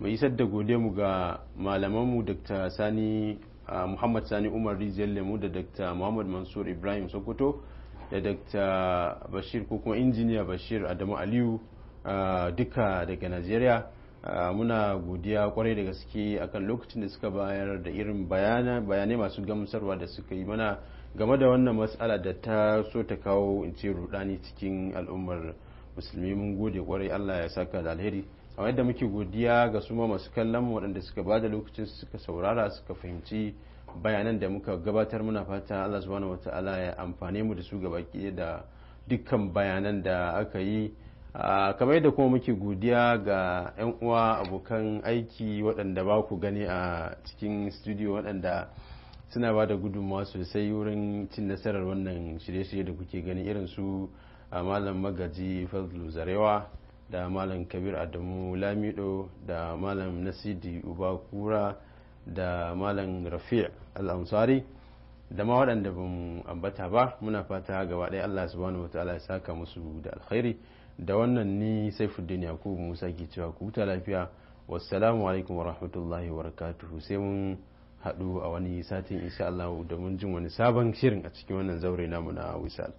mu isar da gode mu ga malamanmu dr sani muhammad sani umar rijiyar lemu da dr muhammad mansur ibrahim sokoto da dr bashir ko kuma injiniya bashir adamu aliyu duka daga najeriya Ah, muna godiya kwarai da gaske akan lokacin da suka bayar da irin bayanai masu gamsarwa da suka yi mana game da wannan matsala da ta so ta kawo in ce rudani cikin al'ummar musulmi mun gode kwarai allah ya saka da alheri a yadda muke godiya ga su masu kallon waɗanda suka ba da lokacin suka saurara suka fahimci bayanan da muka gabatar muna fata allah subhanahu wataala ya amfane mu da su gaba da dukkan bayanan da aka yi Ah, kamar yadda kuma muke godiya ga 'yan uwa abokan aiki waɗanda ba ku gani a cikin studio waɗanda suna ba da gudunmawa sosai wurin cin nasarar wannan shirye-shirye da kuke gani irin su ah, malam magaji fazlu zarewa da malam kabir adamu lamido da malam nasidi ubakura da malam rafi al'amsari da ma waɗanda ba mu ambata ba muna fata gaba ɗaya allah subhanahu wa ta'ala ya saka musu da alkhairi da wannan ni saifuddin yakubu musa ke cewa ku huta lafiya wassalamu alaikum wa wabarakatuhu sai mun haɗu a wani satin insha Allah mun jin wani sabon shirin a cikin wannan zaure namu na wisal.